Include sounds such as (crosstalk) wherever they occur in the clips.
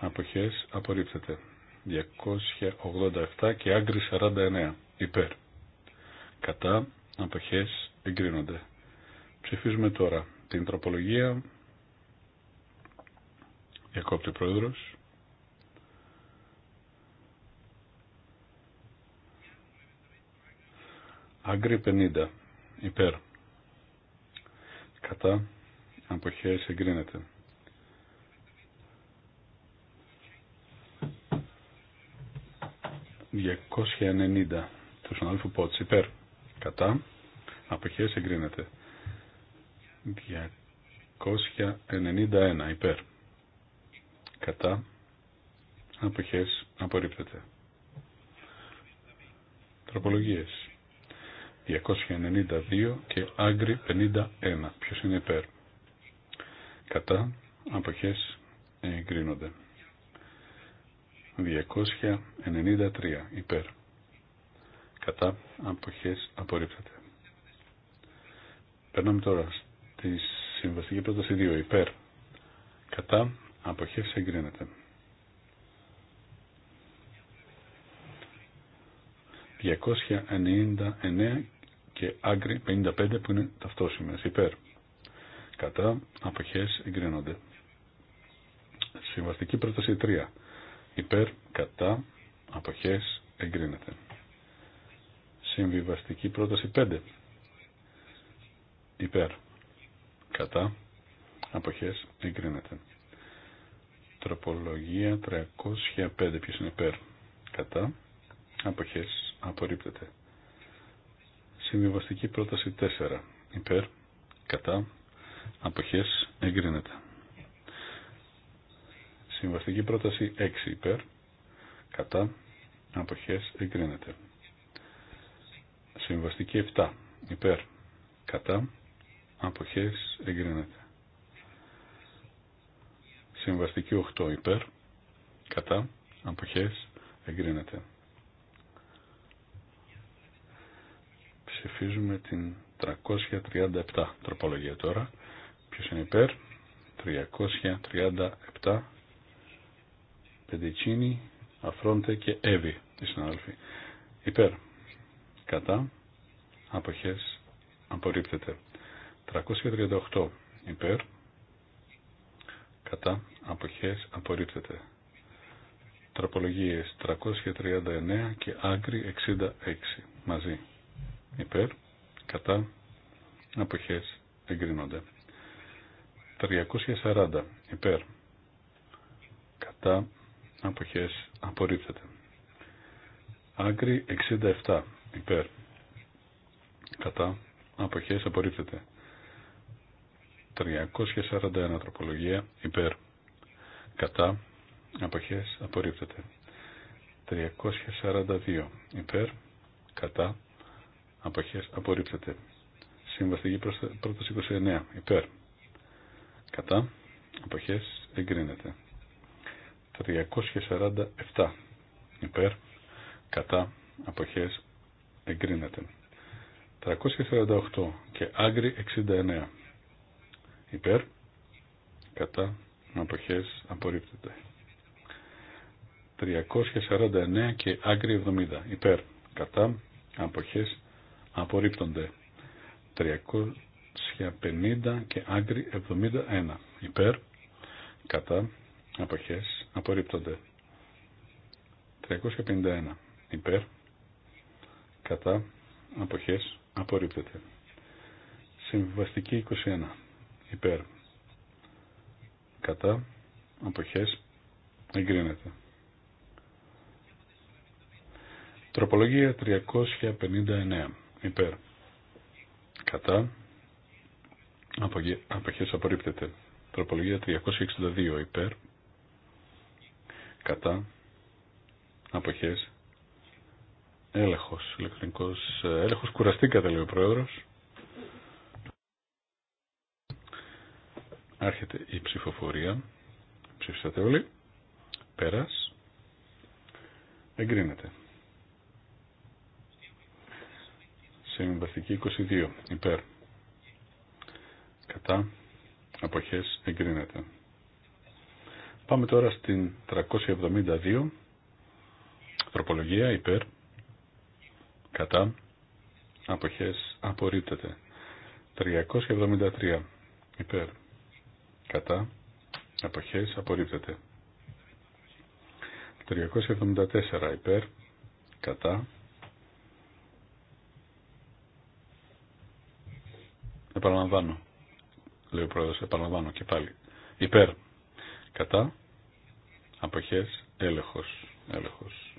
αποχές απορρίπτεται 287 και άγκρι 49 υπέρ κατά αποχές εγκρίνονται ψηφίζουμε τώρα την τροπολογία διακόπτει ο πρόεδρος άγκρι 50 υπέρ κατά αποχές εγκρίνεται 290 του συναδέλφου Πότς υπέρ κατά αποχές εγκρίνεται 291 υπέρ κατά αποχές απορρίπτεται τροπολογίες 292 και άγκρι 51 ποιος είναι υπέρ κατά αποχές εγκρίνονται 293 υπέρ. Κατά αποχές απορρίπτεται. Περνάμε τώρα στη συμβαστική πρόταση 2 υπέρ. Κατά αποχές εγκρίνεται. 299 και άγκρι 55 που είναι ταυτόσημες υπέρ. Κατά αποχές εγκρίνονται. Συμβαστική πρόταση 3 υπέρ, κατά, αποχές, εγκρίνεται. Συμβιβαστική πρόταση 5. Υπέρ, κατά, αποχές, εγκρίνεται. Τροπολογία 305. Ποιος είναι κατά, αποχές, απορρίπτεται. Συμβιβαστική πρόταση 4. Υπέρ, κατά, αποχές, εγκρίνεται. Συμβαστική πρόταση 6 υπέρ. Κατά. Αποχές εγκρίνεται. Συμβαστική 7 υπέρ. Κατά. Αποχές εγκρίνεται. Συμβαστική 8 υπέρ. Κατά. Αποχές εγκρίνεται. Ψηφίζουμε την 337 τροπολογία τώρα. Ποιος είναι υπέρ. 337 Πεντητσίνη, Αφρόντε και Εύη, οι συνάδελφοι. Υπέρ. Κατά. Αποχές. Απορρίπτεται. 338. Υπέρ. Κατά. Αποχές. Απορρίπτεται. Τροπολογίες 339 και άγκρι 66. Μαζί. Υπέρ. Κατά. Αποχές. Εγκρίνονται. 340. Υπέρ. Κατά αποχές απορρίπτεται. Άγκρι 67 υπέρ κατά αποχές απορρίπτεται. 341 τροπολογία υπέρ κατά αποχές απορρίπτεται. 342 υπέρ κατά αποχές απορρίπτεται. Συμβαστική πρόταση 29 υπέρ κατά αποχές εγκρίνεται. 347 υπέρ κατά αποχές εγκρίνεται. 348 και άγκρι 69 υπέρ κατά αποχές απορρίπτεται. 349 και άγκρι 70 υπέρ κατά αποχές απορρίπτονται. 350 και άγκρι 71 υπέρ κατά αποχές απορρίπτονται. 351 υπέρ, κατά, αποχές, απορρίπτεται. Συμβαστική 21 υπέρ, κατά, αποχές, εγκρίνεται. Τροπολογία 359 υπέρ, κατά, αποχές απορρίπτεται. Τροπολογία 362 υπέρ, κατά αποχές έλεγχος ηλεκτρονικός έλεγχος κουραστήκατε λέει ο πρόεδρος άρχεται η ψηφοφορία ψηφίσατε όλοι πέρας εγκρίνεται συμβαστική 22 υπέρ κατά αποχές εγκρίνεται Πάμε τώρα στην 372 τροπολογία υπέρ κατά αποχές απορρίπτεται. 373 υπέρ κατά αποχές απορρίπτεται. 374 υπέρ κατά επαναλαμβάνω λέει ο πρόεδρος επαναλαμβάνω και πάλι υπέρ κατά αποχές, έλεγχος, έλεγχος.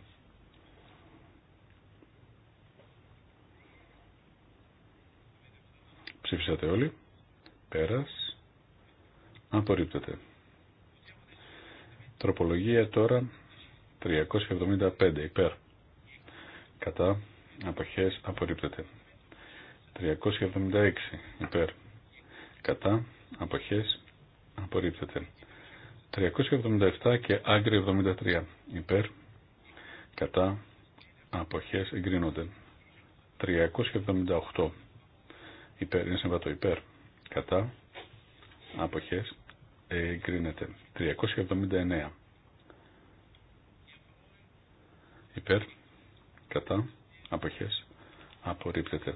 Ψήφισατε όλοι. Πέρας. Απορρίπτεται. Τροπολογία τώρα 375 υπέρ. Κατά αποχές απορρίπτεται. 376 υπέρ. Κατά αποχές απορρίπτεται. 377 και άγκρι 73 υπέρ κατά αποχές εγκρίνονται 378 υπέρ είναι συμβατό υπέρ κατά αποχές εγκρίνεται 379 υπέρ κατά αποχές απορρίπτεται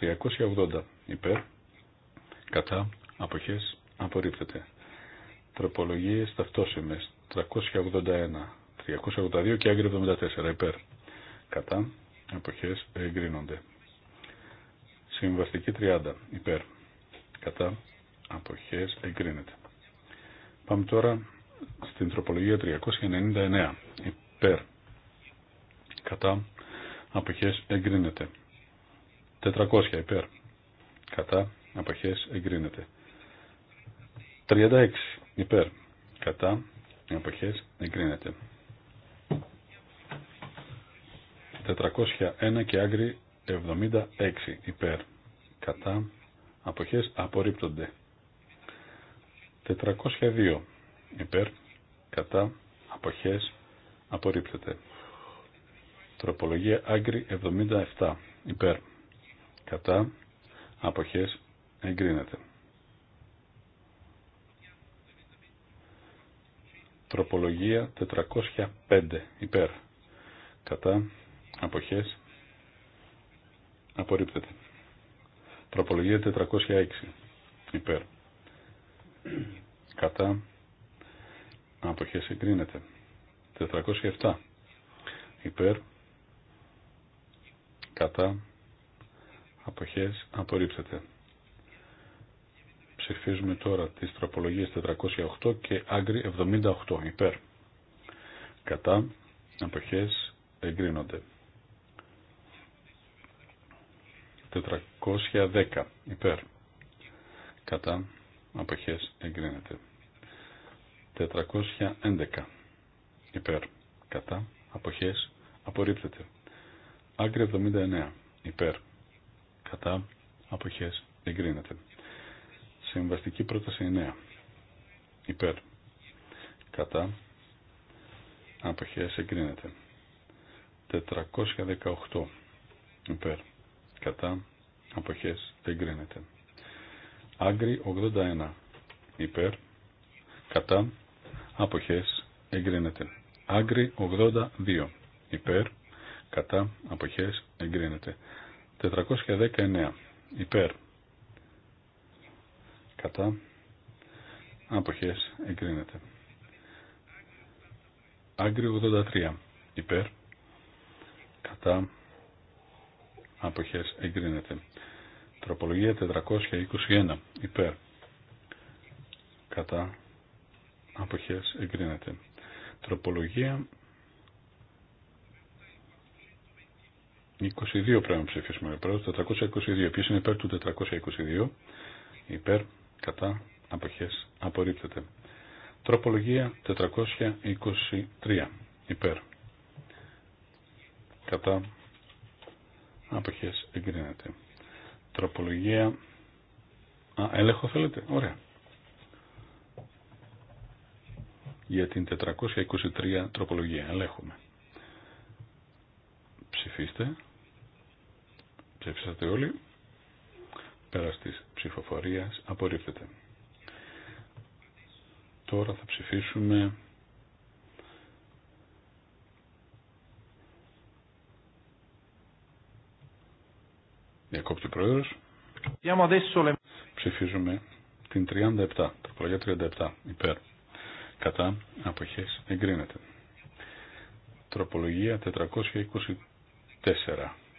380 υπέρ κατά αποχές απορρίπτεται Τροπολογίες ταυτόσημες 381, 382 και άγκρι 74 υπέρ. Κατά. εποχές εγκρίνονται. Συμβαστική 30 υπέρ. Κατά. Αποχές εγκρίνεται. Πάμε τώρα στην τροπολογία 399 υπέρ. Κατά. Αποχές εγκρίνεται. 400 υπέρ. Κατά. Αποχές εγκρίνεται. 36 Υπέρ. Κατά. Εποχές. Εγκρίνεται. 401 και άγκρι 76 υπέρ. Κατά. Αποχές απορρίπτονται. 402 υπέρ. Κατά. Αποχές απορρίπτεται. Τροπολογία άγκρι 77 υπέρ. Κατά. Αποχές εγκρίνεται. Τροπολογία 405 υπέρ. Κατά αποχές απορρίπτεται. Τροπολογία 406 υπέρ. Κατά αποχές εγκρίνεται. 407 υπέρ. Κατά αποχές απορρίπτεται. Ψηφίζουμε τώρα τις τροπολογίες 408 και άγκρι 78 υπέρ. Κατά αποχές εγκρίνονται. 410 υπέρ. Κατά αποχές εγκρίνεται. 411 υπέρ. Κατά αποχές απορρίπτεται. Άγκρι 79 υπέρ. Κατά αποχές εγκρίνεται. Συμβαστική πρόταση 9. Υπέρ. Κατά. Αποχές εγκρίνεται. 418. Υπέρ. Κατά. Αποχές εγκρίνεται. Άγκρι 81. Υπέρ. Κατά. Αποχές εγκρίνεται. Άγκρι 82. Υπέρ. Κατά. Αποχές εγκρίνεται. 419. Υπέρ κατά αποχές εγκρίνεται. Άγκρι 83 υπέρ κατά αποχές εγκρίνεται. Τροπολογία 421 υπέρ κατά αποχές εγκρίνεται. Τροπολογία 22 πρέπει να ψηφίσουμε. 422. Ποιος είναι υπέρ του 422. Υπέρ κατά αποχές απορρίπτεται. Τροπολογία 423 υπέρ κατά αποχές εγκρίνεται. Τροπολογία Α, έλεγχο θέλετε. Ωραία. Για την 423 τροπολογία. Ελέγχουμε. Ψηφίστε. Ψήφισατε όλοι. Πέρας της ψηφοφορίας απορρίπτεται. Τώρα θα ψηφίσουμε Διακόπτη Πρόεδρος. Ψηφίζουμε την 37, τροπολογία 37, υπέρ. Κατά αποχές εγκρίνεται. Τροπολογία 424,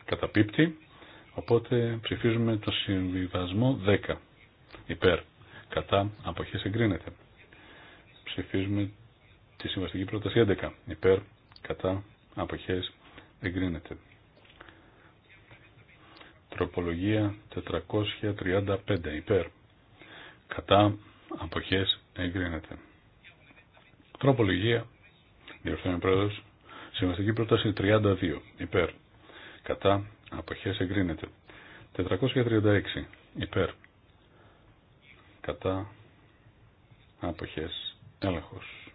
καταπίπτει. Οπότε ψηφίζουμε το συμβιβασμό 10 υπέρ. Κατά αποχές εγκρίνεται. Ψηφίζουμε τη συμβαστική πρόταση 11 υπέρ. Κατά αποχές εγκρίνεται. Τροπολογία 435 υπέρ. Κατά απόχέ εγκρίνεται. Τροπολογία, διορθώνει ο συμβαστική πρόταση 32 υπέρ. Κατά Αποχές εγκρίνεται. 436 υπέρ. Κατά αποχές έλεγχος.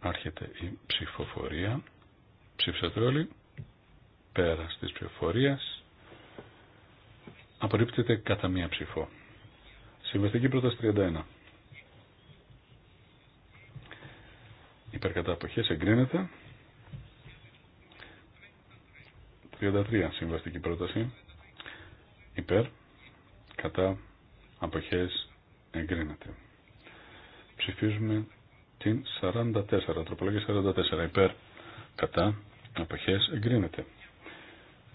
Άρχεται η ψηφοφορία. Ψήφισατε όλοι. Πέρας της ψηφοφορίας. Απορρίπτεται κατά μία ψηφό. Συμβαστική πρόταση 31. κατά αποχές εγκρίνεται. 33 συμβαστική πρόταση υπέρ κατά αποχές εγκρίνεται. Ψηφίζουμε την 44, τροπολογία 44 υπέρ κατά αποχές εγκρίνεται.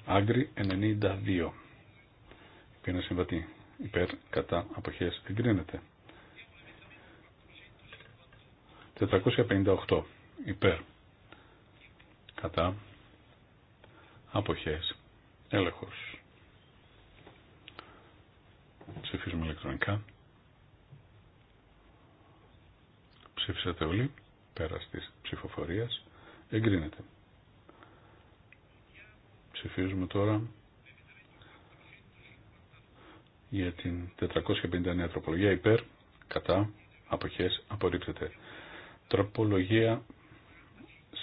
Άγκρι 92 είναι συμβατή υπέρ κατά αποχές εγκρίνεται. 458 υπέρ κατά αποχές, έλεγχος. Ψηφίζουμε ηλεκτρονικά. Ψήφισατε όλοι, πέρας της ψηφοφορίας, εγκρίνεται. Ψηφίζουμε τώρα για την 459 τροπολογία υπέρ, κατά, αποχές, απορρίπτεται. Τροπολογία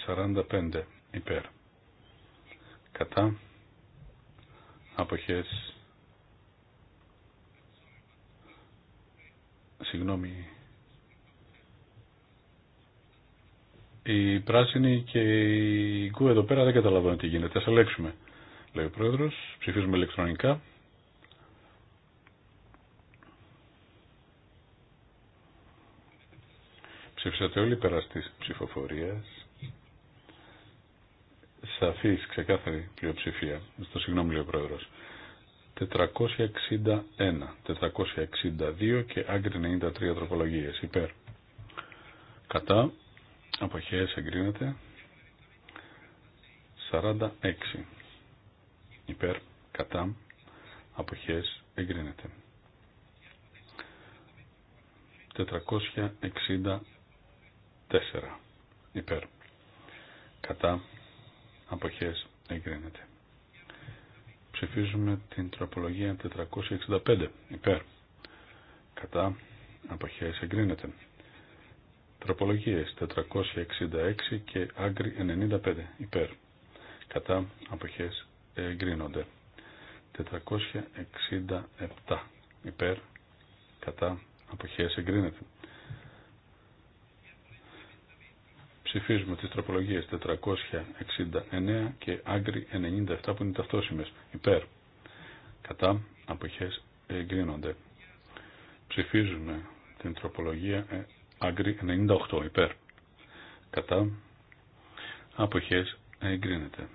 45 υπέρ, κατά αποχές συγγνώμη Η πράσινη και η γκου εδώ πέρα δεν καταλαβαίνω τι γίνεται ας αλέξουμε λέει ο πρόεδρος ψηφίζουμε ηλεκτρονικά ψηφίσατε όλοι πέρα ψηφοφορίας σαφή, ξεκάθαρη πλειοψηφία. Στο συγγνώμη, λέει ο πρόεδρο. 461, 462 και άγκρι 93 τροπολογίες. Υπέρ. Κατά. απόχέ εγκρίνεται. 46. Υπέρ. Κατά. απόχέ εγκρίνεται. 464. Υπέρ. Κατά αποχές εγκρίνεται. Ψηφίζουμε την τροπολογία 465 υπέρ κατά αποχές εγκρίνεται. Τροπολογίες 466 και άγκρι 95 υπέρ κατά αποχές εγκρίνονται. 467 υπέρ κατά αποχές εγκρίνεται. Ψηφίζουμε τις τροπολογίες 469 και άγκρι 97 που είναι ταυτόσιμες. Υπέρ. Κατά αποχές εγκρίνονται. Ψηφίζουμε την τροπολογία ε, άγκρι 98 υπέρ. Κατά αποχές εγκρίνεται.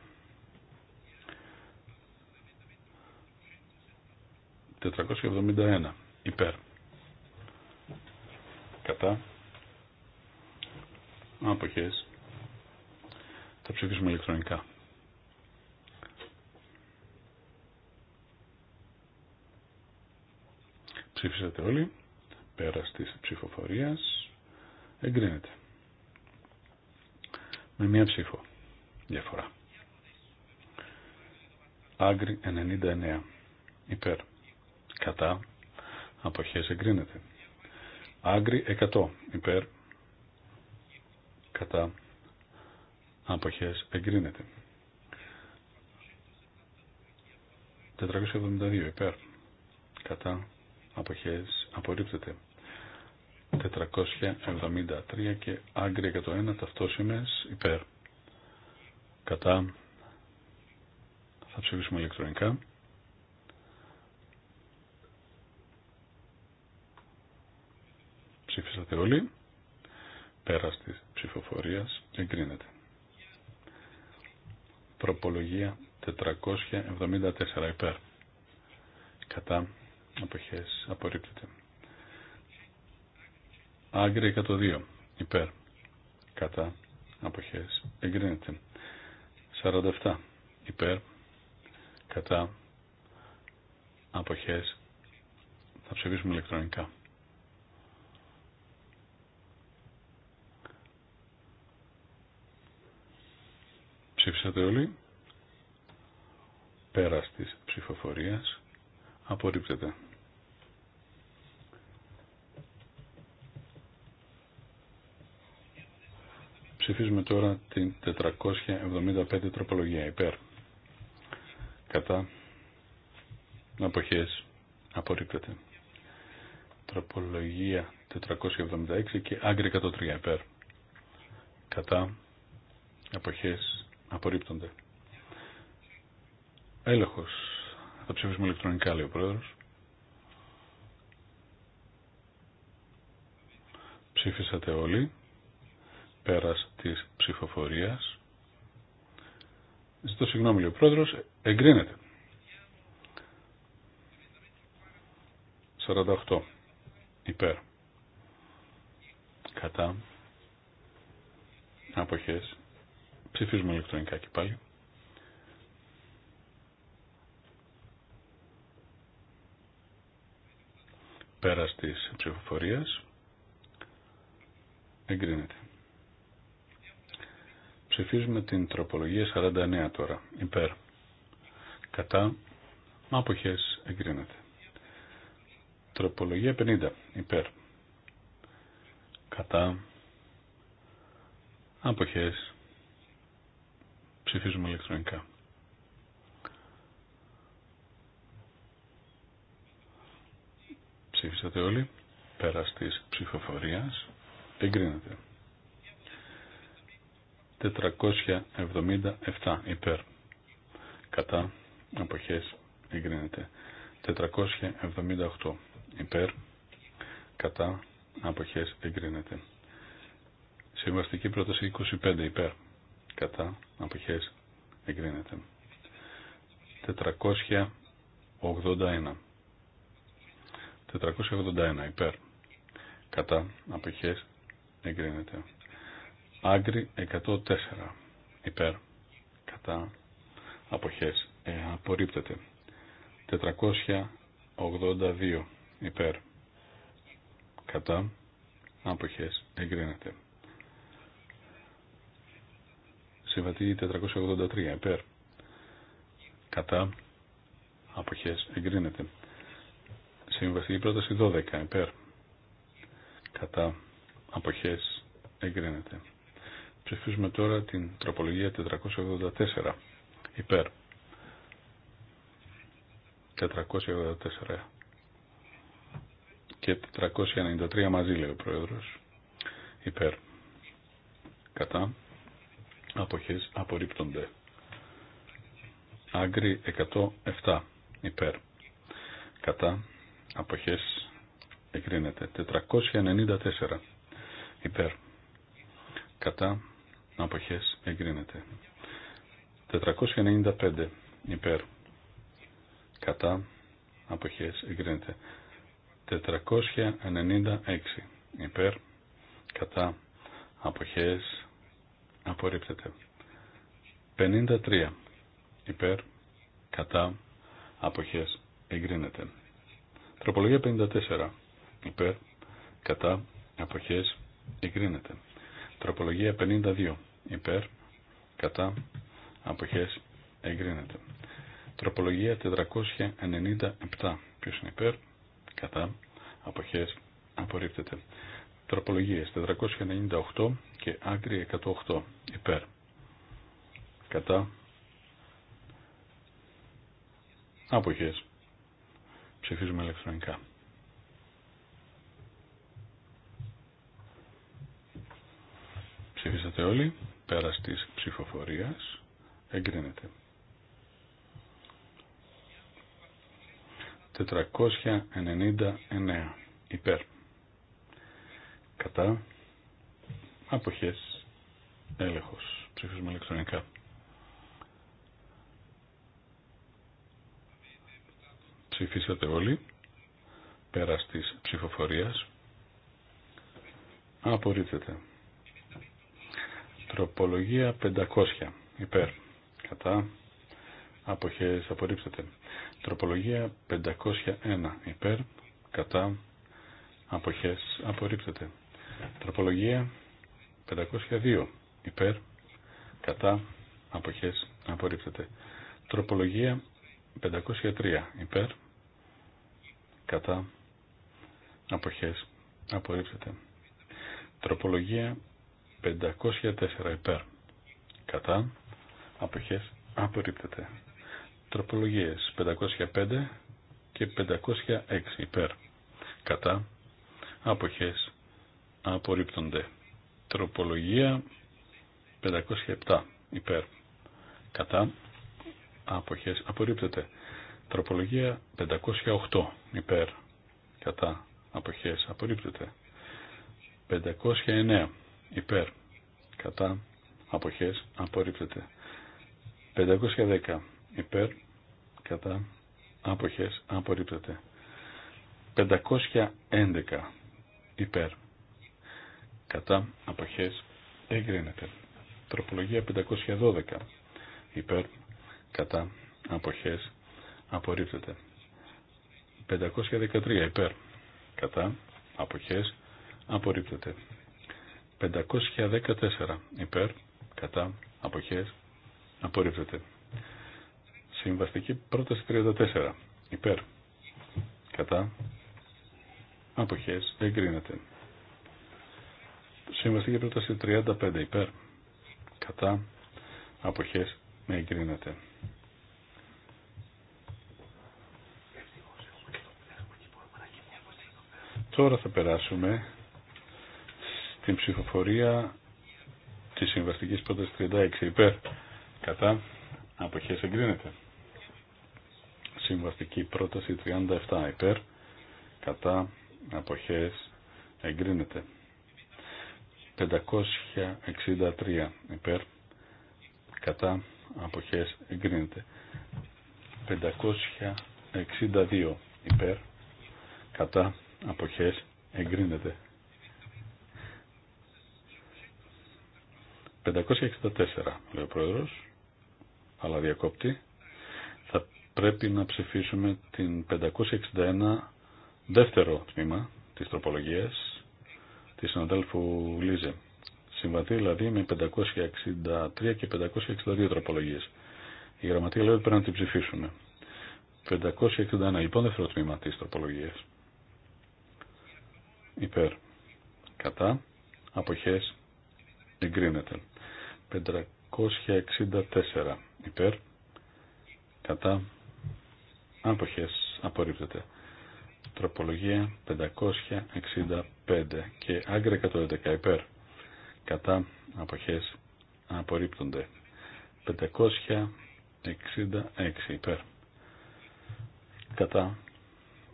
471 υπέρ. Κατά Αποχές. Θα ψηφίσουμε ηλεκτρονικά. Ψήφισατε όλοι. Πέρας της ψηφοφορίας. Εγκρίνεται. Με μία ψήφο. Διαφορά. Άγκρι 99. Υπέρ. Κατά. Αποχές εγκρίνεται. Άγκρι 100. Υπέρ κατά αποχές εγκρίνεται 472 υπέρ κατά αποχές απορρίπτεται 473 και άγκρια 101 ταυτόσημες υπέρ κατά θα ψηφίσουμε ηλεκτρονικά ψήφισατε όλοι πέρας της ψηφοφορίας εγκρίνεται. Προπολογία 474 υπέρ. Κατά αποχές απορρίπτεται. Άγκρι 102 υπέρ. Κατά αποχές εγκρίνεται. 47 υπέρ. Κατά αποχές θα ψηφίσουμε ηλεκτρονικά. Ψήφισατε όλοι. Πέρας της ψηφοφορίας. Απορρίπτεται. Ψηφίζουμε τώρα την 475 τροπολογία υπέρ. Κατά αποχές απορρίπτεται. Τροπολογία 476 και άγκρη 103 υπέρ. Κατά αποχές Απορρίπτονται. Έλεγχος. Θα ψηφίσουμε ηλεκτρονικά, λέει ο Πρόεδρος. Ψήφισατε όλοι. Πέρας της ψηφοφορίας. Ζητώ συγγνώμη, λέει ο Εγκρίνεται. 48. Υπέρ. Κατά. Αποχές. Ψηφίζουμε ηλεκτρονικά και πάλι. Πέρας της ψηφοφορίας εγκρίνεται. Ψηφίζουμε την τροπολογία 49 τώρα. Υπέρ. Κατά. Αποχές εγκρίνεται. Τροπολογία 50. Υπέρ. Κατά. Αποχές ψηφίζουμε ηλεκτρονικά. Ψήφισατε όλοι. Πέρα τη ψηφοφορία. Εγκρίνεται. 477 υπέρ. Κατά αποχές Εγκρίνετε; 478 υπέρ. Κατά αποχές εγκρίνεται. Συμβαστική πρόταση 25 υπέρ κατά αποχές εγκρίνεται 481 481 υπέρ κατά αποχές εγκρίνεται άγκρι 104 υπέρ κατά αποχές ε, απορρίπτεται 482 υπέρ κατά αποχές εγκρίνεται Συμβατή 483 υπέρ. Κατά. Αποχές. Εγκρίνεται. Συμβαστική πρόταση 12 υπέρ. Κατά. Αποχές. Εγκρίνεται. Ψηφίζουμε τώρα την τροπολογία 484 υπέρ. 484 και 493 μαζί λέει ο Πρόεδρος υπέρ κατά αποχές απορρίπτονται. Άγκρι 107 υπέρ. Κατά αποχές εγκρίνεται. 494 υπέρ. Κατά αποχές εγκρίνεται. 495 υπέρ. Κατά αποχές εγκρίνεται. 496 υπέρ. Κατά αποχές απορρίπτεται. 53 υπέρ, κατά, αποχές, εγκρίνεται. Τροπολογία 54 υπέρ, κατά, αποχές, εγκρίνεται. Τροπολογία 52 υπέρ, κατά, αποχές, εγκρίνεται. Τροπολογία 497 ποιος είναι υπέρ, κατά, αποχές, απορρίπτεται. Τροπολογίες 498 και άκρη 108 υπέρ. Κατά. Άποχες. Ψηφίζουμε ηλεκτρονικά. Ψηφίσατε όλοι. Πέρας της ψηφοφορίας. Εγκρίνεται. 499 υπέρ κατά αποχές έλεγχος ψηφίζουμε ηλεκτρονικά ψηφίσατε όλοι πέρα της ψηφοφορίας απορρίπτεται τροπολογία 500 υπέρ κατά αποχές απορρίπτεται τροπολογία 501 υπέρ κατά αποχές απορρίπτεται Τροπολογία 502 υπέρ κατά αποχές απορρίπτεται. Τροπολογία 503 υπέρ κατά αποχές απορρίπτεται. Τροπολογία 504 υπέρ κατά αποχές απορρίπτεται. Τροπολογίες 505 και 506 υπέρ κατά αποχές απορρίπτονται. Τροπολογία 507 υπέρ κατά αποχές απορρίπτεται. Τροπολογία 508 υπέρ κατά αποχές απορρίπτεται. 509 υπέρ κατά αποχές απορρίπτεται. 510 υπέρ κατά αποχές απορρίπτεται. 511 υπέρ κατά αποχές εγκρίνεται. Τροπολογία 512 υπέρ κατά αποχές απορρίπτεται. 513 υπέρ κατά αποχές απορρίπτεται. 514 υπέρ κατά αποχές απορρίπτεται. Συμβαστική πρόταση 34 υπέρ κατά αποχές εγκρίνεται. Συμβαστική πρόταση 35 υπέρ. Κατά αποχές με ναι, εγκρίνεται. Τώρα θα περάσουμε στην ψηφοφορία της συμβαστικής πρόταση 36 υπέρ. Κατά αποχές εγκρίνεται. Συμβαστική πρόταση 37 υπέρ. Κατά αποχές εγκρίνεται. 563 υπέρ κατά αποχές εγκρίνεται 562 υπέρ κατά αποχές εγκρίνεται 564 λέει ο πρόεδρος αλλά διακόπτη θα πρέπει να ψηφίσουμε την 561 δεύτερο τμήμα της τροπολογίας της συναδέλφου Λίζε. Συμβαθεί, δηλαδή με 563 και 562 τροπολογίες. Η γραμματεία λέει ότι πρέπει να την ψηφίσουμε. 561 λοιπόν δεύτερο τμήμα τη τροπολογία Υπέρ. Κατά. Αποχές. Εγκρίνεται. 564 υπέρ. Κατά. Αποχές. Απορρίπτεται τροπολογία 565 και άγκρα 111 υπέρ κατά αποχές απορρίπτονται 566 υπέρ κατά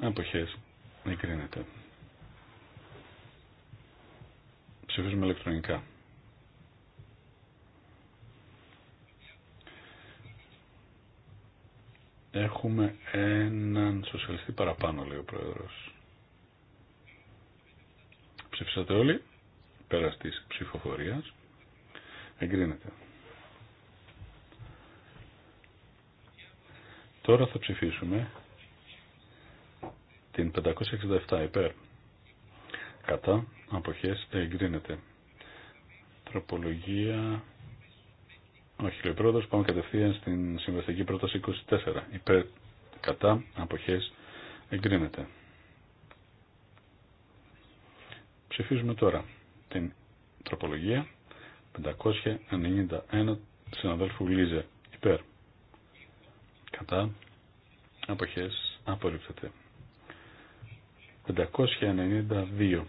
αποχές εγκρίνεται ψηφίζουμε ηλεκτρονικά Έχουμε έναν σοσιαλιστή παραπάνω, λέει ο Πρόεδρος. Ψήφισατε όλοι, πέρα της ψηφοφορίας. Εγκρίνεται. Τώρα θα ψηφίσουμε την 567 υπέρ. Κατά αποχές εγκρίνεται. Τροπολογία όχι, λέει πρόεδρος, πάμε κατευθείαν στην συμβαστική πρόταση 24. Υπέρ, κατά, αποχές, εγκρίνεται. Ψηφίζουμε τώρα την τροπολογία 591 συναδέλφου Λίζε. Υπέρ, κατά, αποχές, απορρίπτεται. 592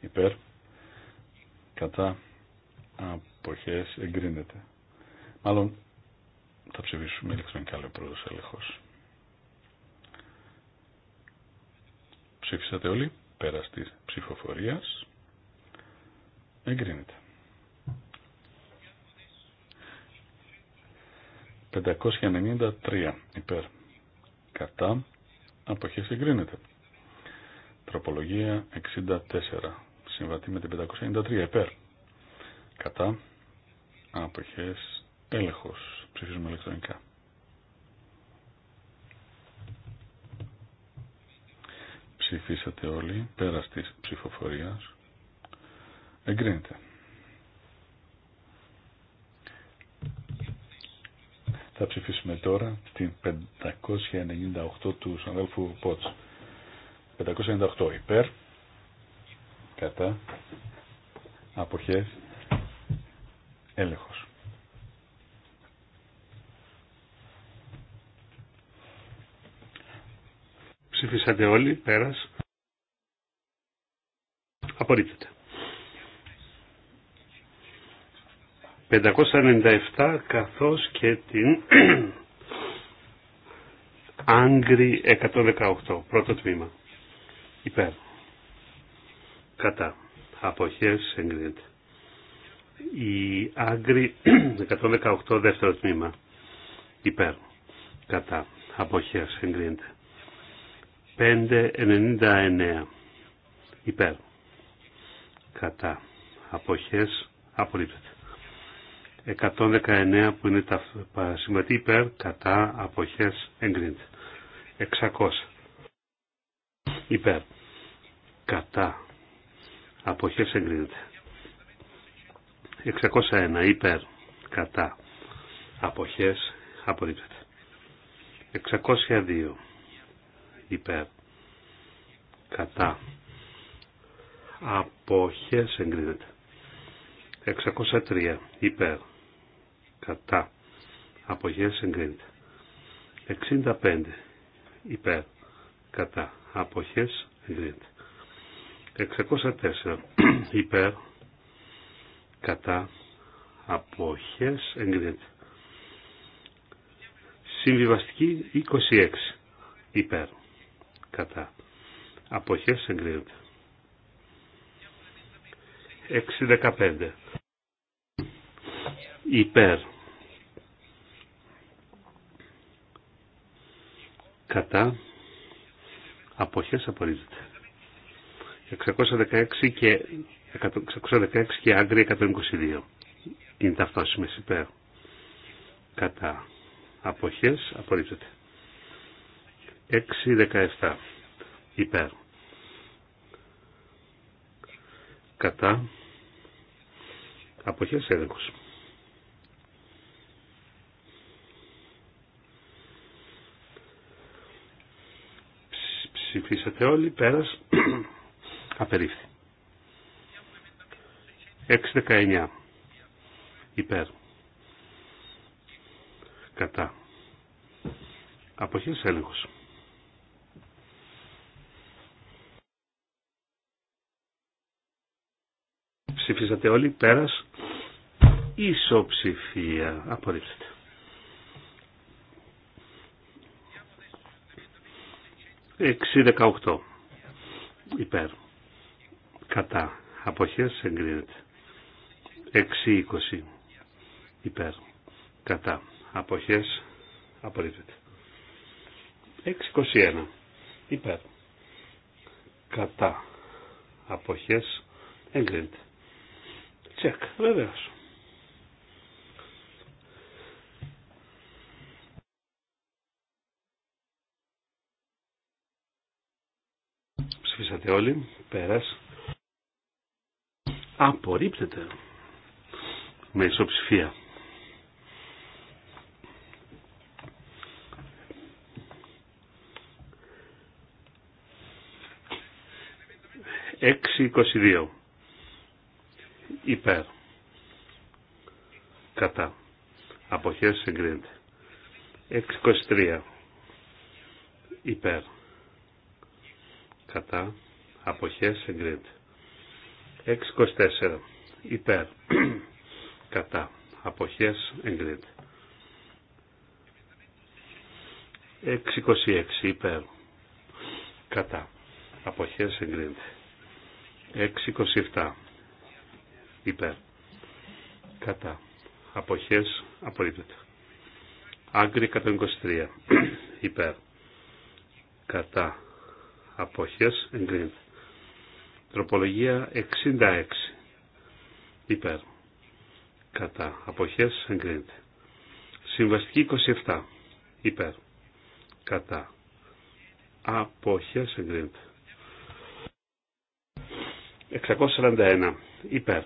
υπέρ, κατά, αποχές, εγκρίνεται. Μάλλον θα ψηφίσουμε ηλεκτρονικά λέει ο πρώτος έλεγχο. Ψήφισατε όλοι πέρα της ψηφοφορίας. Εγκρίνεται. 593 υπέρ κατά αποχές εγκρίνεται. Τροπολογία 64 συμβατή με την 593 υπέρ κατά αποχές έλεγχος. Ψηφίζουμε ηλεκτρονικά. Ψηφίσατε όλοι πέρα της ψηφοφορίας. Εγκρίνεται. Θα ψηφίσουμε τώρα την 598 του Σανδέλφου Πότς. 598 υπέρ, κατά, αποχές, έλεγχο. Ψηφίσατε όλοι, πέρας. Απορρίπτεται. 597 καθώς και την (clears throat) Άγκρι 118, πρώτο τμήμα. Υπέρ. Κατά. Αποχές εγκρίνεται. Η Άγκρι 118, (clears throat) δεύτερο τμήμα. Υπέρ. Κατά. Αποχές εγκρίνεται. 599 υπέρ κατά αποχές απορρίπτεται 119 που είναι τα συμβατή υπέρ κατά αποχές εγκρίνεται 600 υπέρ κατά αποχές εγκρίνεται 601 υπέρ κατά αποχές απορρίπτεται 602 υπέρ κατά αποχές εγκρίνεται 603 υπέρ κατά Αποχέ εγκρίνεται 65 υπέρ κατά Αποχέ εγκρίνεται 604 (clears throat) υπέρ κατά απόχέ εγκρίνεται συμβιβαστική 26 υπέρ κατά αποχές εγκρίνεται 6.15 υπέρ κατά αποχές απορρίζεται 616 και 616 και 122 είναι ταυτόσιμες υπέρ κατά αποχές απορρίζεται 6-17 υπέρ. Κατά αποχές έλεγχος. Ψηφίσατε όλοι, πέρας, (clears throat) απερίφθη. 6-19 υπέρ. Κατά. Αποχές έλεγχος. Ψηφίσατε όλοι, πέρας. Ισοψηφία. Απορρίψετε. 618 υπέρ κατά αποχές εγκρίνεται 620 υπέρ κατά αποχές απορρίφεται 621 υπέρ κατά αποχές εγκρίνεται Τσεκ, βεβαίω. Ψηφίσατε όλοι, πέρας. Απορρίπτεται με ισοψηφία. Έξι υπέρ κατά αποχές εγκρίνεται 623 υπέρ κατά αποχές εγκρίνεται 624 υπέρ κατά αποχές εγκρίνεται 626 υπέρ κατά αποχές εγκρίνεται 627 υπέρ. Κατά. Αποχές απορρίπτεται. Άγκρι 123 (clears throat) υπέρ. Κατά. Αποχές εγκρίνεται. Τροπολογία 66 υπέρ. Κατά. Αποχές εγκρίνεται. Συμβαστική 27 υπέρ. Κατά. Αποχές εγκρίνεται. 641 υπέρ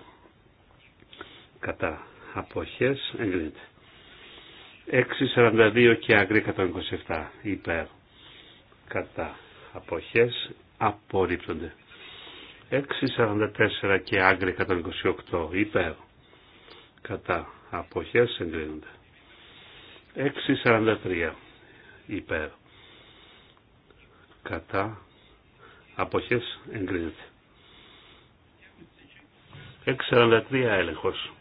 κατά αποχές εγκρίνεται. 6.42 και άγκρι 127 υπέρ κατά αποχές απορρίπτονται. 6.44 και άγκρι 128 υπέρ κατά αποχές εγκρίνονται. 6.43 υπέρ κατά αποχές εγκρίνεται. 6.43 έλεγχος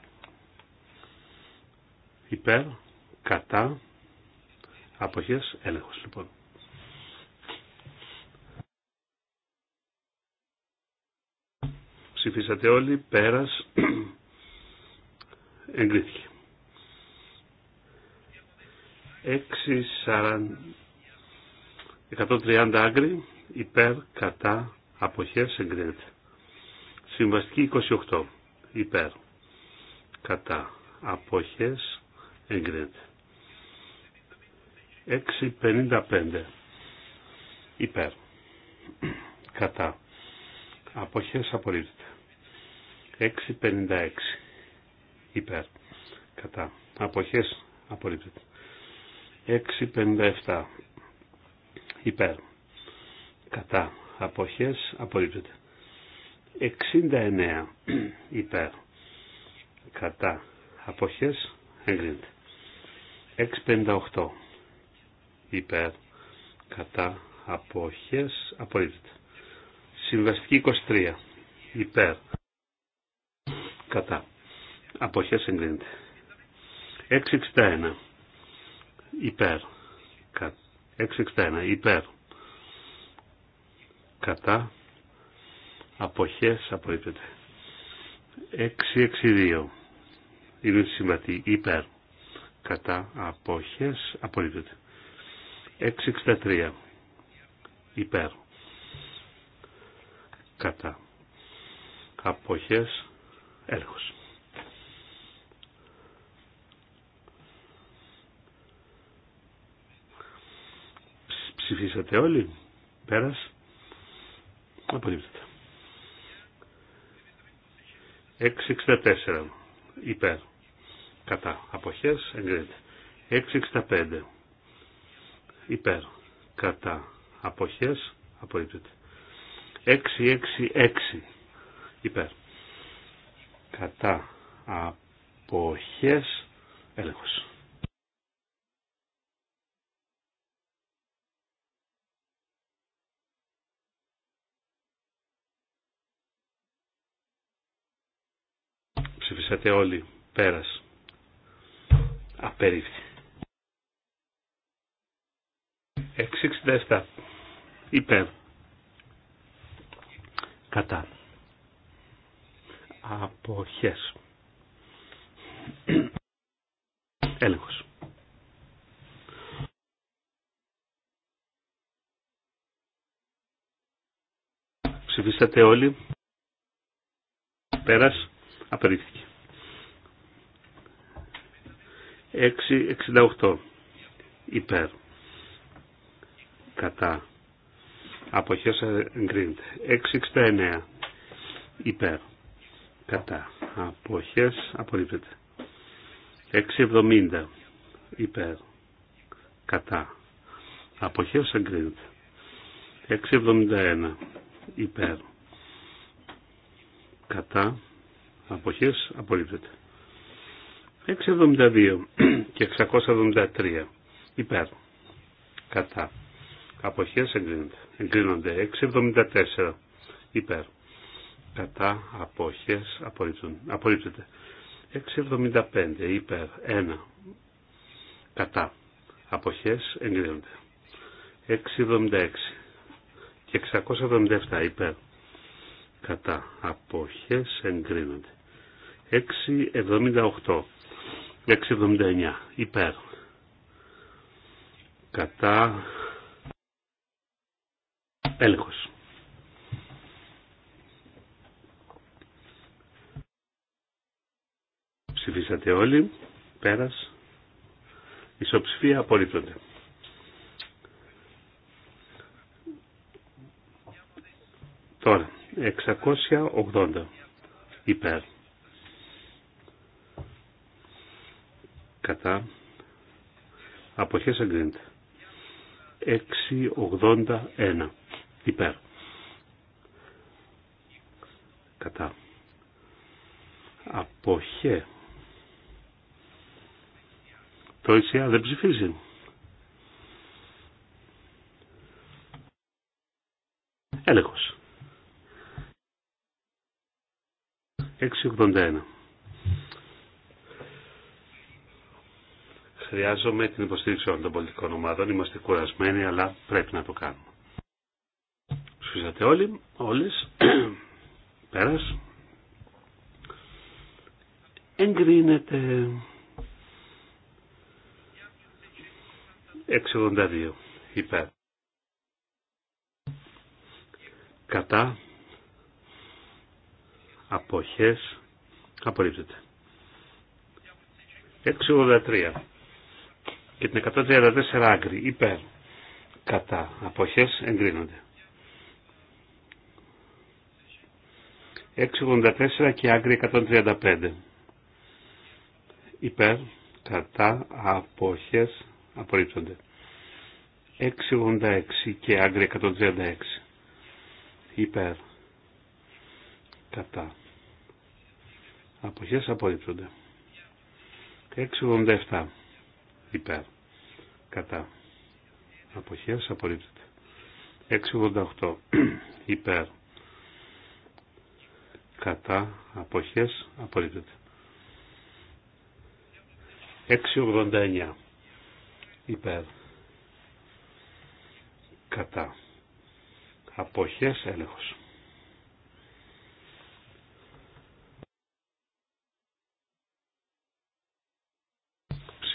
υπέρ, κατά, αποχές, έλεγχος λοιπόν. Ψηφίσατε όλοι, πέρας, (clears throat) εγκρίθηκε. 6,40, 130 άγκρι, υπέρ, κατά, αποχές, εγκρίνεται. Συμβαστική 28, υπέρ, κατά, αποχές, εγκρίνεται. 6.55 υπέρ κατά αποχές απορρίπτεται. 6.56 υπέρ κατά αποχές απορρίπτεται. 6.57 υπέρ κατά αποχές απορρίπτεται. 69 υπέρ κατά αποχές εγκρίνεται. 658 υπέρ κατά αποχές απορρίπτεται. Συμβαστική 23 υπέρ κατά αποχές εγκρίνεται. 661 υπέρ 661 υπέρ κατά αποχές απορρίπτεται. 662 είναι σημαντική, υπέρ κατά αποχές Απολύτωται. 663 υπέρ κατά αποχές Έλεγχος. Ψηφίσατε όλοι, πέρας, Απολύτωται. 664 υπέρ κατά αποχές εγκρίνεται. 665 υπέρ κατά αποχές απορρίπτεται. 666 υπέρ κατά αποχές έλεγχος. Ψηφίσατε όλοι πέρας απερίφθη. 667 υπέρ κατά αποχές έλεγχος ψηφίσατε όλοι πέρας απερίφθηκε 668 υπέρ κατά αποχές εγκρίνεται 669 υπέρ κατά αποχές απορρίπτεται 670 υπέρ κατά αποχές εγκρίνεται 671 υπέρ κατά αποχές απορρίπτεται 672 και 673 υπέρ κατά αποχές εγκρίνονται. Εγκρίνονται 674 υπέρ κατά αποχές απορρίπτεται. 675 υπέρ 1 κατά αποχές εγκρίνονται. 676 και 677 υπέρ κατά αποχές εγκρίνονται. 678 679 υπέρ κατά έλεγχος. Ψηφίσατε όλοι, πέρας, ισοψηφία απορρίπτονται. Τώρα, 680 υπέρ. κατά αποχές εγκρίνεται 681 υπέρ κατά αποχέ το ΙΣΙΑ δεν ψηφίζει έλεγχος 681 Χρειάζομαι την υποστήριξη όλων των πολιτικών ομάδων. Είμαστε κουρασμένοι, αλλά πρέπει να το κάνουμε. Συζητάτε όλοι, όλες. (clears throat) Πέρας. Εγκρίνεται. 682. Υπέρ. Κατά. Αποχές. Απορρίπτεται. 683 και την 134 άγκρη υπέρ κατά αποχές εγκρίνονται. 684 και άγκρη 135 υπέρ κατά αποχές απορρίπτονται. 686 και άγκρη 136 υπέρ κατά αποχές απορρίπτονται. 687 υπέρ κατά αποχές απορρίπτεται 688 (clears throat) υπέρ κατά αποχές απορρίπτεται 689 υπέρ κατά αποχές έλεγχος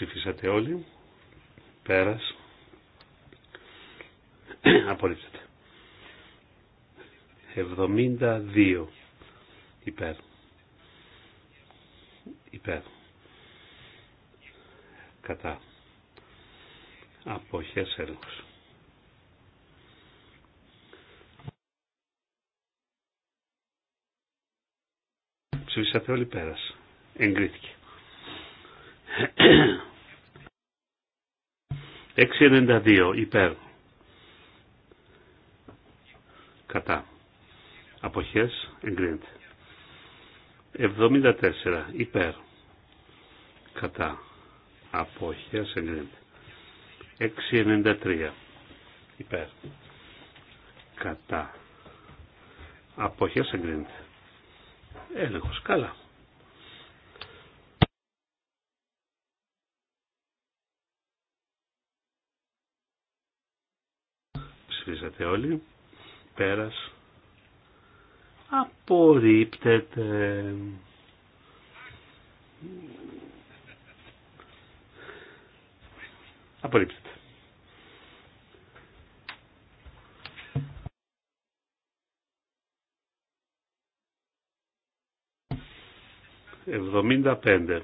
Ψηφίσατε όλοι. Πέρας. (clears throat) εβδομήντα 72 υπέρ. Υπέρ. Κατά. Αποχές έλεγχος. Ψηφίσατε όλοι πέρας. Εγκρίθηκε. (clears throat) 692 υπέρ. Κατά. Αποχές εγκρίνεται. 74 υπέρ. Κατά. Αποχές εγκρίνεται. 693 υπέρ. Κατά. Αποχές εγκρίνεται. Έλεγχος. Καλά. Ψηφίσατε όλοι. Πέρας. Απορρίπτεται. Απορρίπτεται. Εβδομήντα πέντε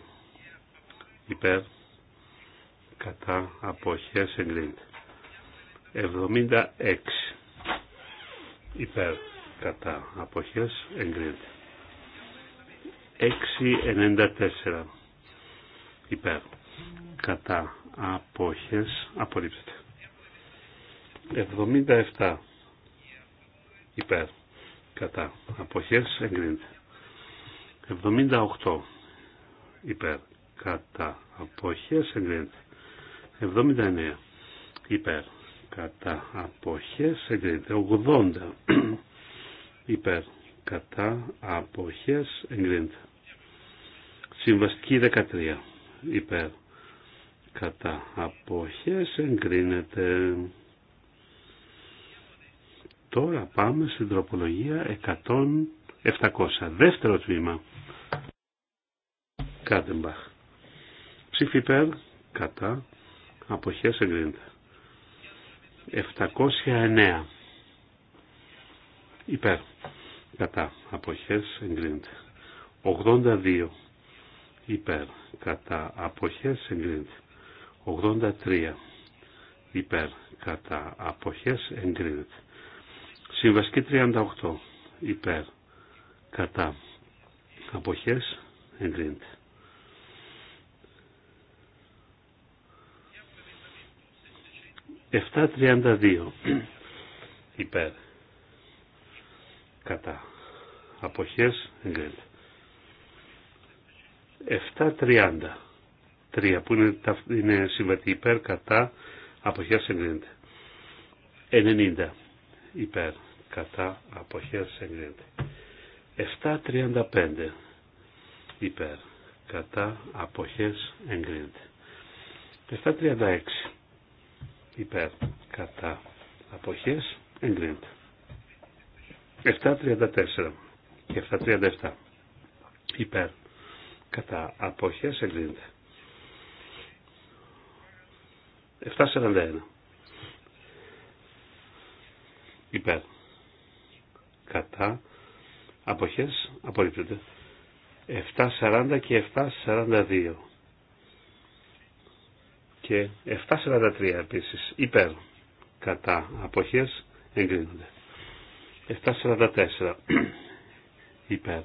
υπέρ κατά αποχές εγκρίνεται. 76 υπέρ κατά αποχές εγκρίνεται 694 υπέρ κατά αποχές απορρίπτεται 77 υπέρ κατά αποχές εγκρίνεται 78 υπέρ κατά αποχές εγκρίνεται 79 υπέρ κατά αποχές εγκρίνεται 80 (clears throat) υπέρ κατά αποχές εγκρίνεται συμβαστική 13 υπέρ κατά αποχές εγκρίνεται τώρα πάμε στην τροπολογία 100 δεύτερο τμήμα Κάντεμπαχ ψήφι υπέρ κατά αποχές εγκρίνεται 709 υπέρ κατά αποχές εγκρίνεται 82 υπέρ κατά αποχές εγκρίνεται 83 υπέρ κατά αποχές εγκρίνεται Συμβασκή 38 υπέρ κατά αποχές εγκρίνεται 7.32 υπέρ κατά αποχές εγκρίνεται 7.30 3 που είναι, είναι συμβατή υπέρ κατά αποχές εγκρίνεται 90 υπέρ κατά αποχές εγκρίνεται 7.35 υπέρ κατά αποχές εγκρίνεται 7.36 υπέρ κατά αποχές εγκρίνεται. 734 και 737 υπέρ κατά αποχές εγκρίνεται. 741 υπέρ κατά αποχές απορρίπτεται. 740 και 742 και 7.43 επίσης υπέρ κατά αποχές εγκρίνονται 7.44 (clears throat) υπέρ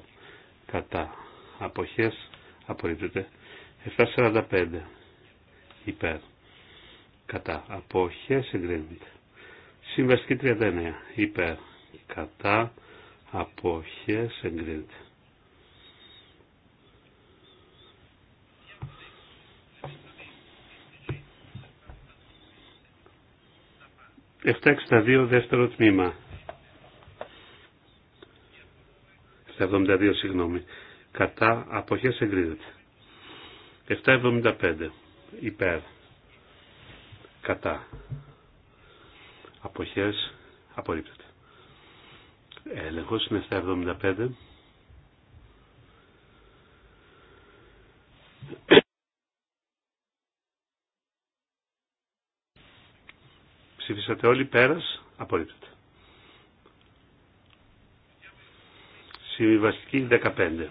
κατά αποχές απορρίπτεται 7.45 υπέρ κατά αποχές εγκρίνονται. Συμβαστική 39 υπέρ κατά αποχές εγκρίνονται. 762 δεύτερο τμήμα. 72, συγγνώμη. Κατά αποχές εγκρίνεται. 775 υπέρ. Κατά. Αποχές απορρίπτεται. Έλεγχος είναι 775. Ψηφίσατε όλοι πέρας. Απορρίπτεται. Συμβιβαστική 15.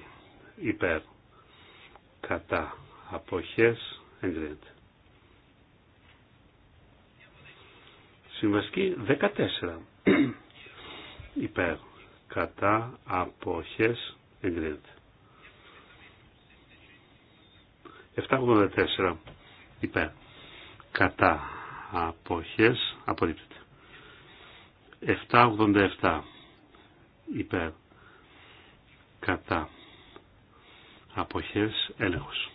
Υπέρ. Κατά. Αποχές. Εγκρίνεται. Συμβαστική 14. Υπέρ. Κατά. Αποχές. Εγκρίνεται. 784. Υπέρ. Κατά αποχές απορρίπτεται. 787 υπέρ κατά αποχές έλεγχος.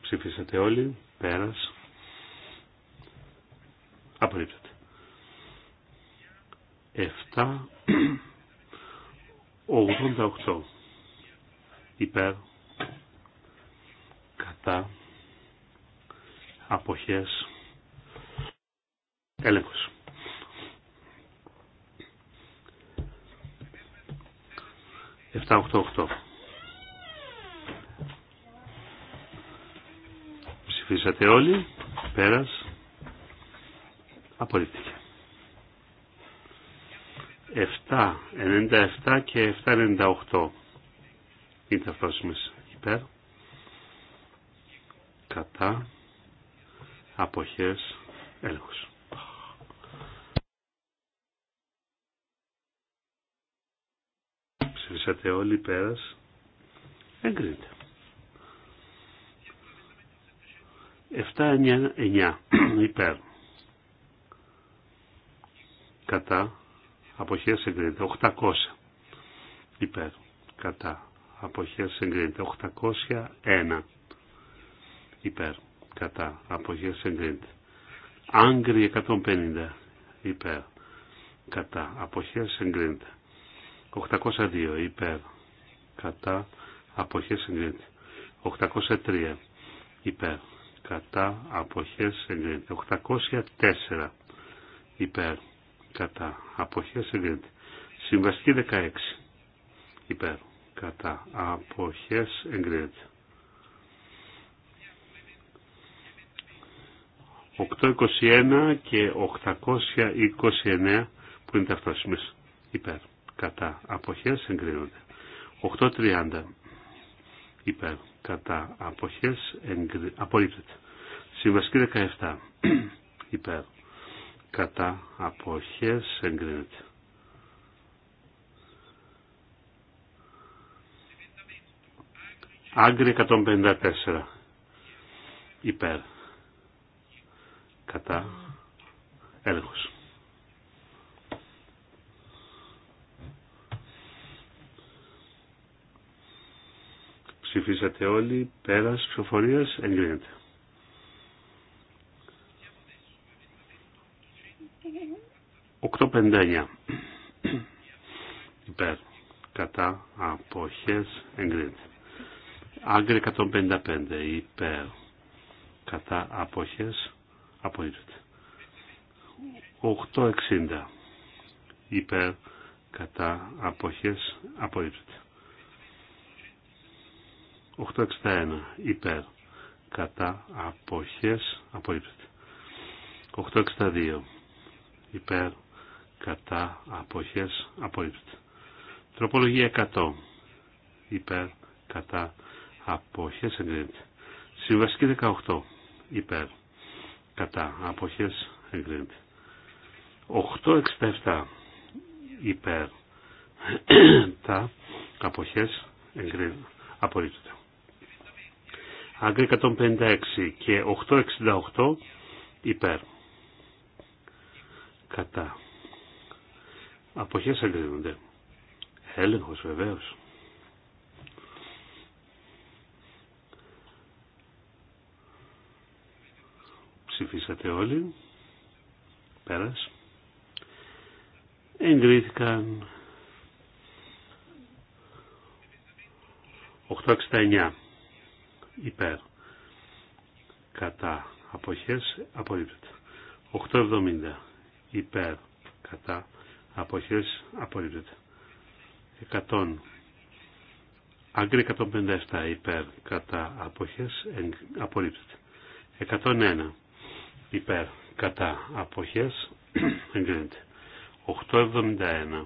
Ψηφίσατε όλοι, πέρας, απορρίπτεται. 788 υπέρ αυτά αποχές έλεγχος. Εφτά, οχτώ, οχτώ. Ψηφίσατε όλοι, πέρας, εφτά 7, εφτά και 7, 98 είναι εκεί υπέρ κατά αποχές έλεγχος. Ψηφίσατε όλοι πέρας. Εγκρίνεται. 7-9 (clears throat) υπέρ. Κατά αποχές εγκρίνεται. 800 υπέρ. Κατά αποχές εγκρίνεται. 801 υπέρ κατά αποχές εγκρίνεται. Άγκρι 150 υπέρ κατά αποχές εγκρίνεται. 802 υπέρ κατά αποχές εγκρίνεται. 803 υπέρ κατά αποχές εγκρίνεται. 804 υπέρ κατά αποχές εγκρίνεται. Συμβαστική 16 υπέρ κατά αποχές εγκρίνεται. 821 και 829 που είναι ταυτόσιμες υπέρ κατά αποχές εγκρίνονται. 8.30 υπέρ κατά αποχές εγκρίνονται. απορρίπτεται. Συμβασική 17 (clears throat) υπέρ κατά αποχές εγκρίνεται. Άγκρι 154 υπέρ κατά έλεγχος. Ψηφίσατε όλοι, πέρας ψηφοφορίας, εγκρίνεται. Οκτώ Υπέρ. Κατά αποχές εγκρίνεται. Άγκρι 155. Υπέρ. Κατά αποχές Απορρίπτεται. 8.60 υπέρ κατά αποχές απορρίπτεται. 8.61 υπέρ κατά αποχές απορρίπτεται. 8.62 υπέρ κατά αποχές απορρίπτεται. Τροπολογία 100 υπέρ κατά αποχές εγκρίνεται. Συμβασική 18 υπέρ κατά αποχές εγκρίνεται 867 υπέρ τα αποχές εγκρίνεται απορρίπτεται Άγκρι 156 και 868 υπέρ κατά αποχές εγκρίνονται έλεγχος βεβαίως Ψηφίσατε όλοι. Πέρας. Εγκρίθηκαν 869 υπέρ κατά αποχές απορρίπτεται. 870 υπέρ κατά αποχές απορρίπτεται. 100 Άγκρι 157 υπέρ κατά αποχές απορρίπτεται. 101 υπέρ κατά αποχές (clears throat) εγκρίνεται 871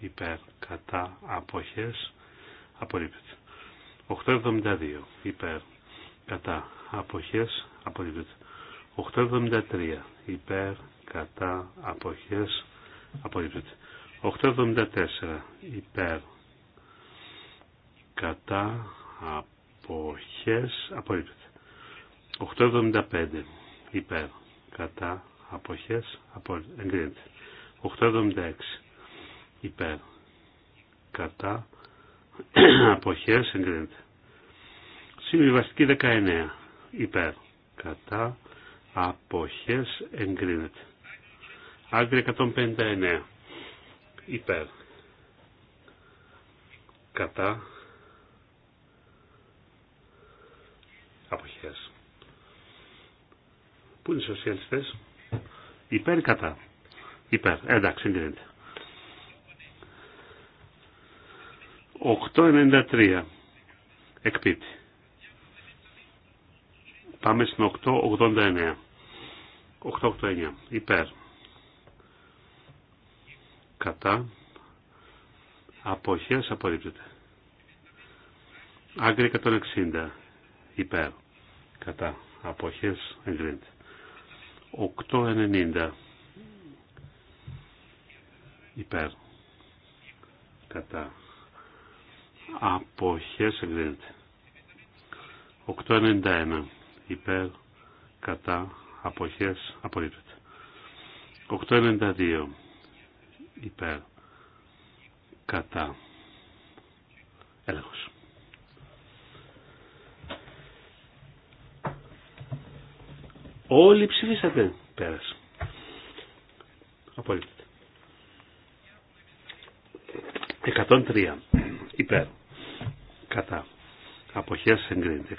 υπέρ κατά αποχές απορρίπτεται 872 υπέρ κατά αποχές απορρίπτεται 873 υπέρ κατά αποχές απορρίπτεται 874 υπέρ κατά αποχές απορρίπτεται 875 υπέρ κατά αποχές απο, εγκρίνεται 876 υπέρ κατά (clears throat) αποχές εγκρίνεται συμβιβαστική 19 υπέρ κατά αποχές εγκρίνεται άγκρι 159 υπέρ κατά αποχές Πού είναι οι σοσιαλιστέ. Υπέρ ή κατά. Υπέρ. Εντάξει, εγκρίνεται. 8.93. Εκπίπτει. Πάμε στην 8.89. 8.89. Υπέρ. Κατά. Αποχές απορρίπτεται. Άγκρι 160. Υπέρ. Κατά. Αποχές εγκρίνεται. 8.90 υπέρ κατά αποχές εγκρίνεται 8.91 υπέρ κατά αποχές απορρίπτεται 8.92 υπέρ κατά έλεγχος Όλοι ψηφίσατε. Πέρασε. Απόλυτα. 103 υπέρ. Κατά. Αποχές εγκρίνεται.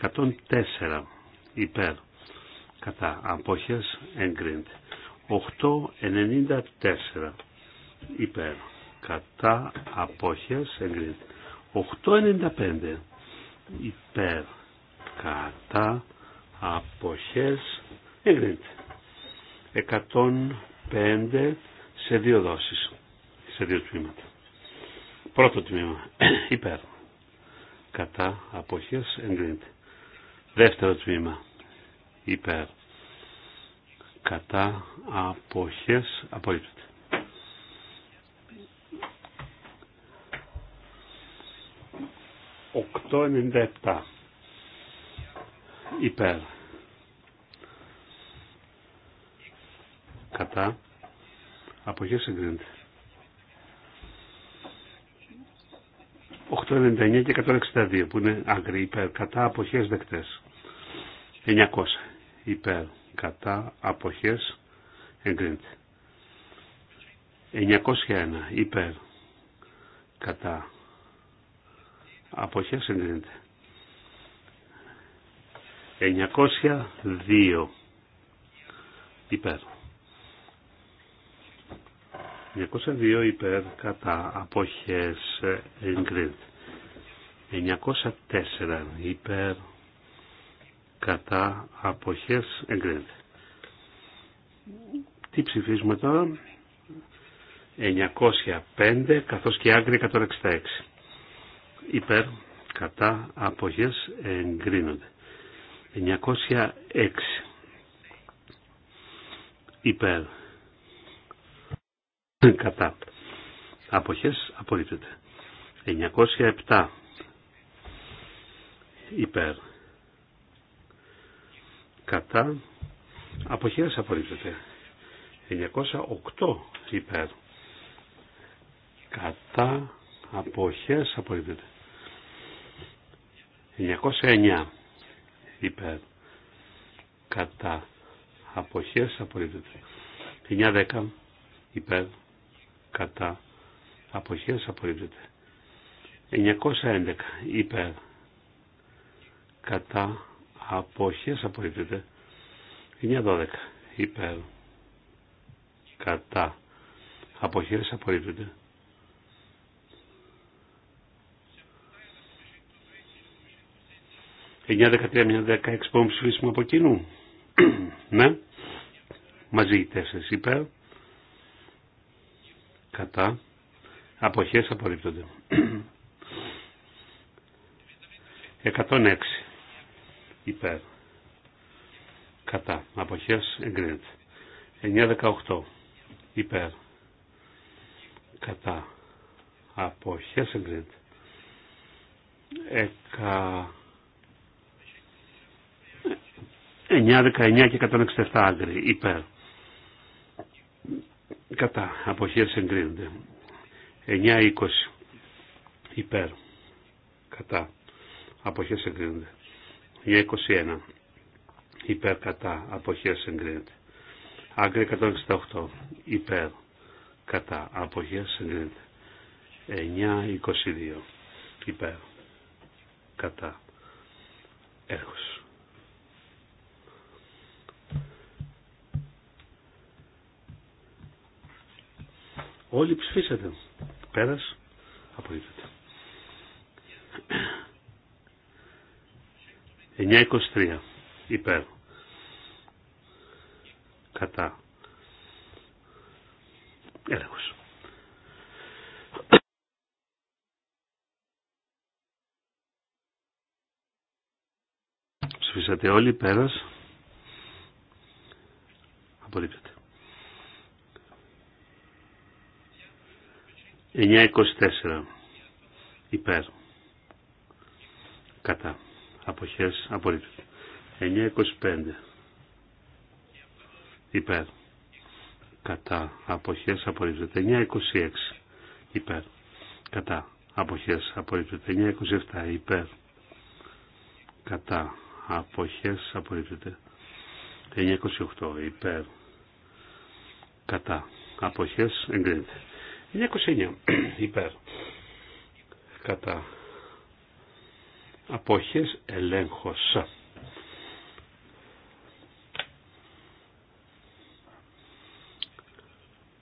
104 υπέρ. Κατά. Αποχές εγκρίνεται. 894 υπέρ. Κατά. Αποχές εγκρίνεται. 895 υπέρ. Κατά. Αποχές Εγκρίνεται. 105 σε δύο δόσεις, σε δύο τμήματα. Πρώτο τμήμα, (clears throat) υπέρ. Κατά αποχές εγκρίνεται. Δεύτερο τμήμα, υπέρ. Κατά αποχές απορρίπτεται. Οκτώ υπέρ κατά αποχές εγκρίνεται. 899 και 162 που είναι άγκρι υπέρ κατά αποχές δεκτές. 900 υπέρ κατά αποχές εγκρίνεται. 901 υπέρ κατά αποχές εγκρίνεται. 902 υπέρ 902 υπέρ κατά αποχές ε, εγκρίνεται. 904 υπέρ κατά αποχές εγκρίνεται. Τι ψηφίζουμε τώρα. 905 καθώς και άγρια 166. Υπέρ κατά αποχές εγκρίνονται. 906 υπέρ Κατά. Αποχές απορρίπτεται. 907 υπέρ. Κατά. Αποχές απορρίπτεται. 908 υπέρ. Κατά. Αποχές απορρίπτεται. 909 υπέρ. Κατά. Αποχές απορρίπτεται. 910 υπέρ κατά αποχές απορρίπτεται 911 υπέρ κατά αποχές απορρίπτεται 912 υπέρ κατά αποχές απορρίπτεται απολύτωται. απότε. μια δεκαέξι, ψηφίσουμε από κοινού. (clears throat) ναι, μαζί τέσσερις υπέρ, κατά αποχές απορρίπτονται. 106 υπέρ κατά αποχές εγκρίνεται. 918 υπέρ κατά αποχές εγκρίνεται. Εκα... 9, και 167 άγκρι υπέρ κατά αποχές εγκρίνονται 9-20 υπέρ κατά αποχές εγκρίνονται 9-21 υπέρ κατά αποχές εγκρίνεται άγκρι 168 υπέρ κατά αποχές εγκρίνεται 9-22 υπέρ κατά έρχος Όλοι ψηφίσατε. Πέρας. Απορρίπτεται. 9.23. Υπέρ. Κατά. Έλεγχος. Ψηφίσατε όλοι πέρας. 924 υπέρ κατά αποχές απορρίπτωση 925 υπέρ κατά αποχές απορρίπτωση 926 υπέρ κατά αποχές απορρίπτωση 927 υπέρ κατά αποχές απορρίπτωση 928 υπέρ κατά αποχές εγκρίνεται 929 (clears throat) υπέρ κατά απόχες ελέγχος.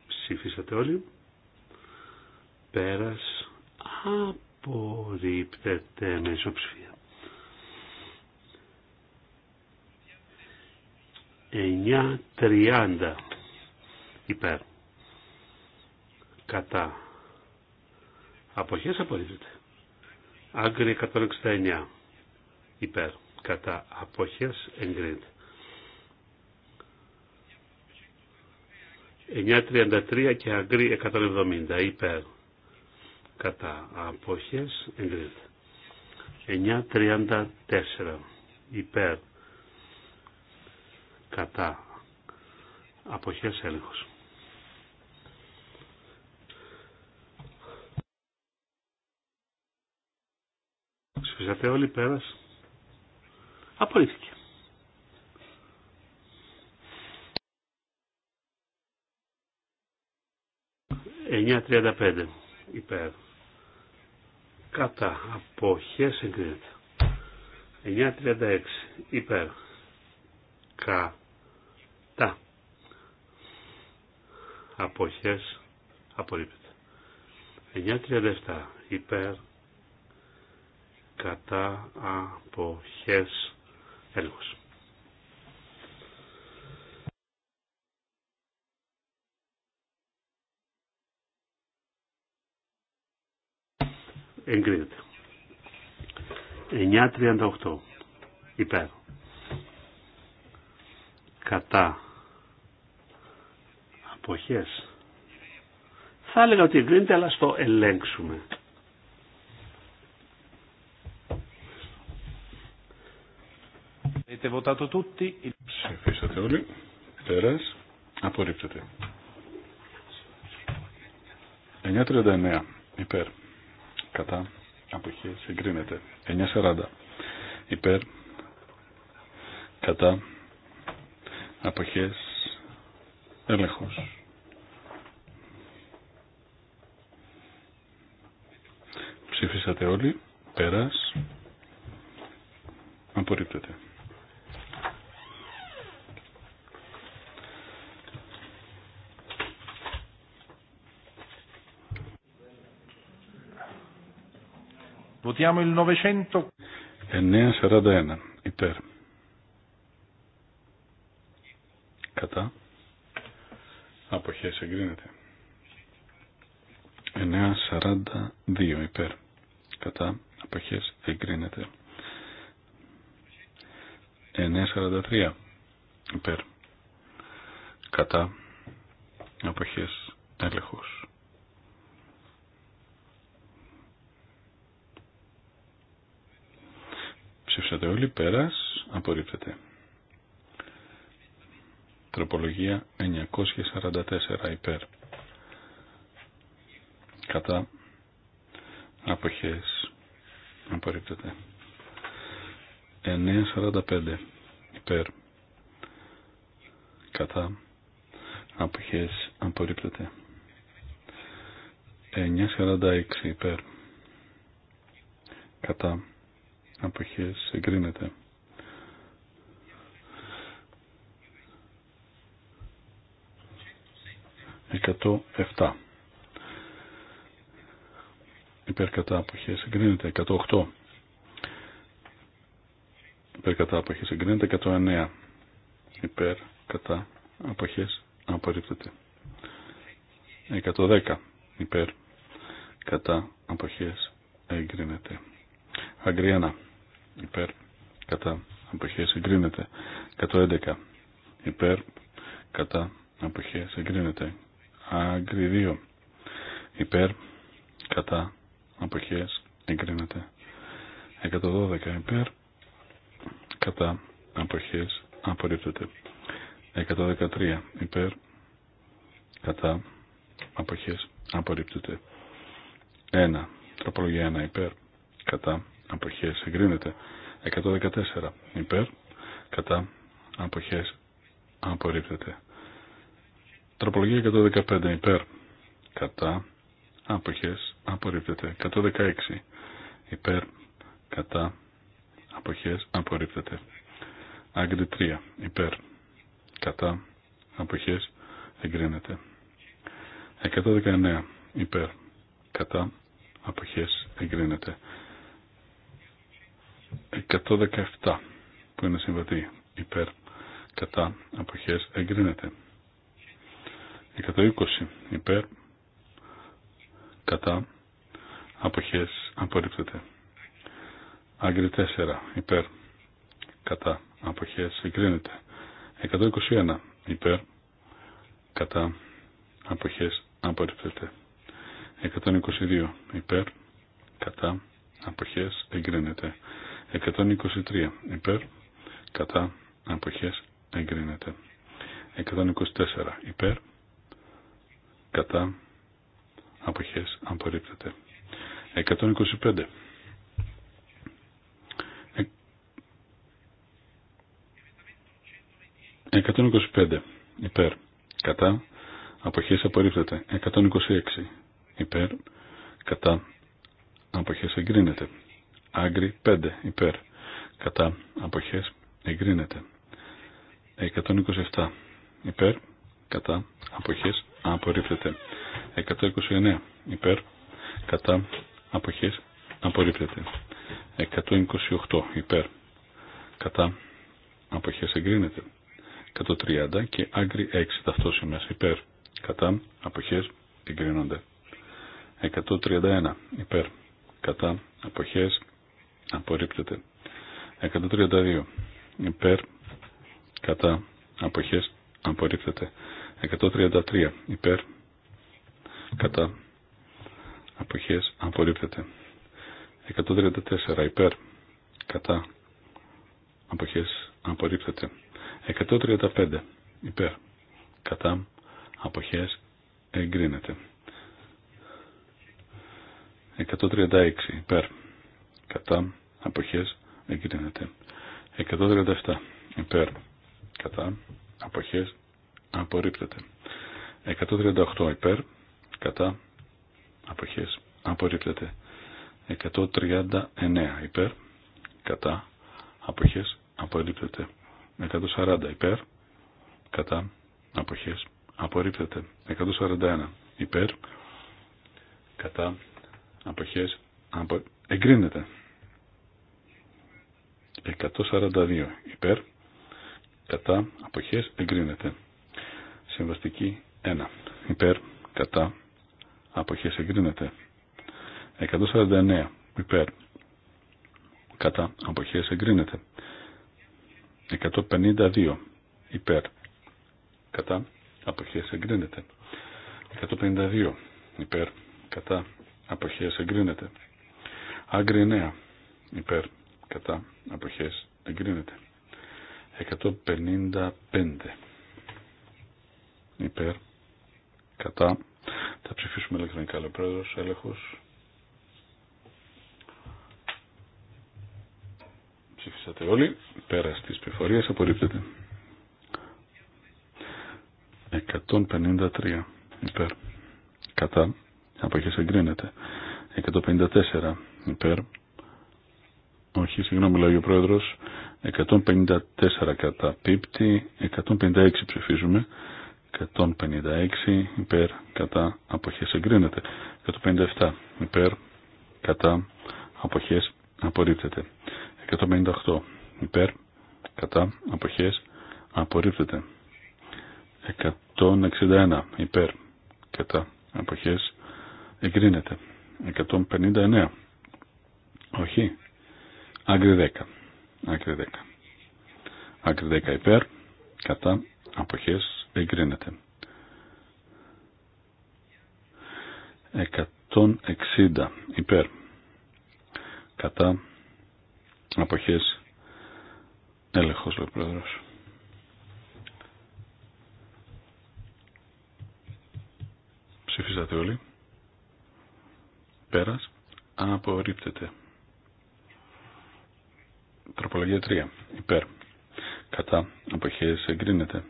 Ψήφισατε όλοι. Πέρας απορρίπτεται με ισοψηφία. 9.30 υπέρ κατά αποχές απορρίπτεται. Άγκρι 169 υπέρ κατά αποχές εγκρίνεται. 933 και αγκρί 170 υπέρ κατά αποχές εγκρίνεται. 934 υπέρ κατά αποχές έλεγχος. Ψηφίσατε όλοι πέρας. Απορρίφθηκε. 935 υπέρ. Κατά αποχές εγκρίνεται. 9.36 υπέρ. Κατά. Αποχές απορρίφθηκε 9.37 υπέρ κατά αποχές έλεγχος. Εγκρίνεται. 9.38 υπέρ. Κατά αποχές. Θα έλεγα ότι εγκρίνεται αλλά στο ελέγξουμε. Ψηφίσατε όλοι. Πέρας. Απορρίπτεται. 9.39. Υπέρ. Κατά. αποχή, Εγκρίνεται. 9.40. Υπέρ. Κατά. αποχή, έλεγχο. Ψηφίσατε όλοι. περά, Απορρίπτεται. Votiamo il 900. 941. Υπέρ. Κατά. Αποχές εγκρίνεται. 942 υπέρ. Κατά. Αποχές εγκρίνεται. 943 υπέρ. Κατά. Αποχές έλεγχος. όλοι, πέρας, απορρίπτεται. Τροπολογία 944 υπέρ. Κατά αποχές απορρίπτεται. 945 υπέρ. Κατά αποχές απορρίπτεται. 946 υπέρ. Κατά αποχές εγκρίνεται. Εκατό εφτά. Υπέρ κατά αποχές εγκρίνεται. Εκατό οχτώ. Υπέρ κατά εγκρίνεται. Εκατό εννέα. Υπέρ κατά αποχές απορρίπτεται. Εκατό δέκα. Υπέρ κατά αποχές εγκρίνεται. Αγκριένα υπέρ κατά αποχές εγκρίνεται 111 υπέρ κατά αποχές εγκρίνεται άγκρι 2 υπέρ κατά αποχές εγκρίνεται 112 υπέρ κατά αποχές απορρίπτεται 113 υπέρ κατά αποχές απορρίπτεται 1 τροπολογία 1 υπέρ κατά αποχές εγκρίνεται 114 υπέρ κατά αποχές απορρίπτεται τροπολογία 115 υπέρ κατά αποχές απορρίπτεται 116 υπέρ κατά αποχές απορρίπτεται άγκρι 3 υπέρ κατά αποχές εγκρίνεται 119 υπέρ κατά αποχές εγκρίνεται 117 που είναι συμβατή υπέρ κατά αποχές εγκρίνεται 120 υπέρ κατά αποχές απορρίπτεται άγκρι 4 υπέρ κατά αποχές εγκρίνεται 121 υπέρ κατά αποχές απορρίπτεται 122 υπέρ κατά αποχές εγκρίνεται 123 υπέρ κατά αποχές εγκρίνεται 124 υπέρ κατά αποχές απορρίπτεται 125 125 ε, υπέρ κατά αποχές απορρίπτεται 126 υπέρ κατά αποχές εγκρίνεται Άγκρι 5 υπέρ. Κατά απόχέ εγκρίνεται. 127 υπέρ. Κατά απόχέ απορρίπτεται. 129 υπέρ. Κατά απόχέ. απορρίπτεται. 128 υπέρ. Κατά απόχέ εγκρίνεται. 130 και άγκρι 6 ταυτόσημε υπέρ. Κατά αποχές εγκρίνονται. 131 υπέρ. Κατά απόχέ απορρίπτεται 132 υπέρ κατά αποχές απορρίπτεται 133 υπέρ κατά αποχές απορρίπτεται 134 υπέρ κατά αποχές απορρίπτεται 135 υπέρ κατά αποχές εγκρίνεται 136 υπέρ κατά αποχές εγκρίνεται 137 υπέρ κατά αποχές απορρίπτεται 138 υπέρ κατά αποχές απορρίπτεται 139 υπέρ κατά αποχές απορρίπτεται 140 υπέρ κατά αποχές απορρίπτεται 141 υπέρ κατά αποχές απο... εγκρίνεται 142 υπέρ κατά αποχές εγκρίνεται συμβαστική 1 υπέρ κατά αποχές εγκρίνεται 149 υπέρ κατά αποχές εγκρίνεται 152 υπέρ κατά αποχές εγκρίνεται 152 υπέρ κατά αποχές εγκρίνεται άγκρι 9 υπέρ κατά αποχές εγκρίνεται 155 υπέρ κατά θα ψηφίσουμε ηλεκτρονικά ο πρόεδρος έλεγχος ψηφίσατε όλοι πέρα στις πληροφορίες απορρίπτεται 153 υπέρ κατά αποχές εγκρίνεται 154 υπέρ όχι, συγγνώμη λέει ο πρόεδρος, 154 κατά πίπτη, 156 ψηφίζουμε, 156 υπέρ κατά αποχές εγκρίνεται, 157 υπέρ κατά αποχές απορρίπτεται, 158 υπέρ κατά αποχές απορρίπτεται, 161 υπέρ κατά αποχές εγκρίνεται, 159 όχι, Άγκρι 10. Άγκρι 10. Άγκρι 10 υπέρ. Κατά. Αποχές. Εγκρίνεται. 160 υπέρ. Κατά. Αποχές. Έλεγχος λέει ο πρόεδρος. Ψηφίσατε όλοι. Πέρας. Απορρίπτεται. Τροπολογία 3. Υπέρ. Κατά. Αποχές εγκρίνεται.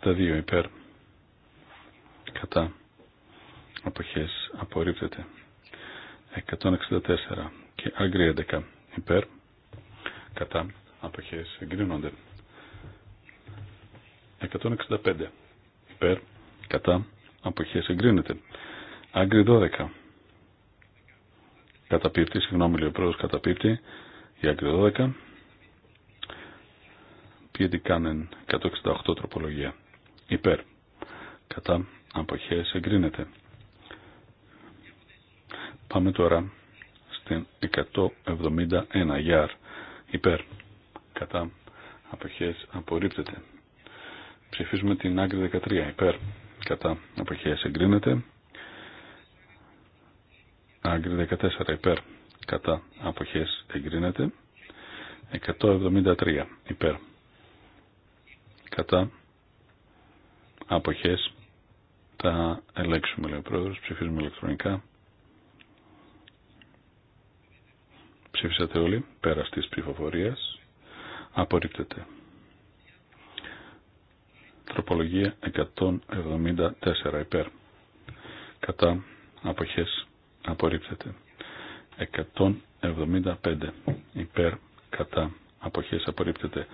162. Υπέρ. Κατά. Αποχές απορρίπτεται. 164 και άγκρι 11 υπέρ κατά αποχές εγκρίνονται 165 υπέρ κατά αποχές εγκρίνεται άγκρι 12 καταπίπτει, συγγνώμη λέει ο πρόεδρος καταπίπτει η άκρη 12 ποιοι κάνουν 168 τροπολογία υπέρ κατά αποχές εγκρίνεται πάμε τώρα στην 171 γιάρ υπέρ κατά αποχές απορρίπτεται ψηφίζουμε την άκρη 13 υπέρ κατά αποχές εγκρίνεται Άγκρη 14 υπέρ κατά αποχές εγκρίνεται 173 υπέρ κατά αποχές τα ελέγξουμε λέει ο ψηφίζουμε ηλεκτρονικά ψήφισατε όλοι πέρα της ψηφοφορίας απορρίπτεται τροπολογία 174 υπέρ κατά αποχές απορρίπτεται 175 υπέρ κατά αποχές απορρίπτεται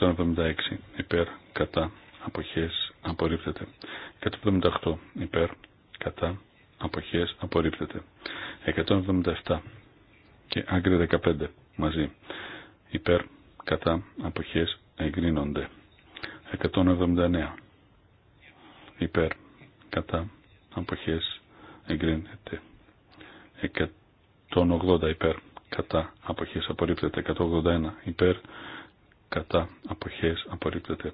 176 υπέρ κατά αποχές απορρίπτεται 178 υπέρ κατά αποχές απορρίπτεται 177 και άγκρι 15 μαζί υπέρ κατά αποχές εγκρίνονται 179 υπέρ κατά αποχές εγκρίνεται τον 80 υπέρ κατά αποχές απορρίπτεται 181 υπέρ κατά αποχές απορρίπτεται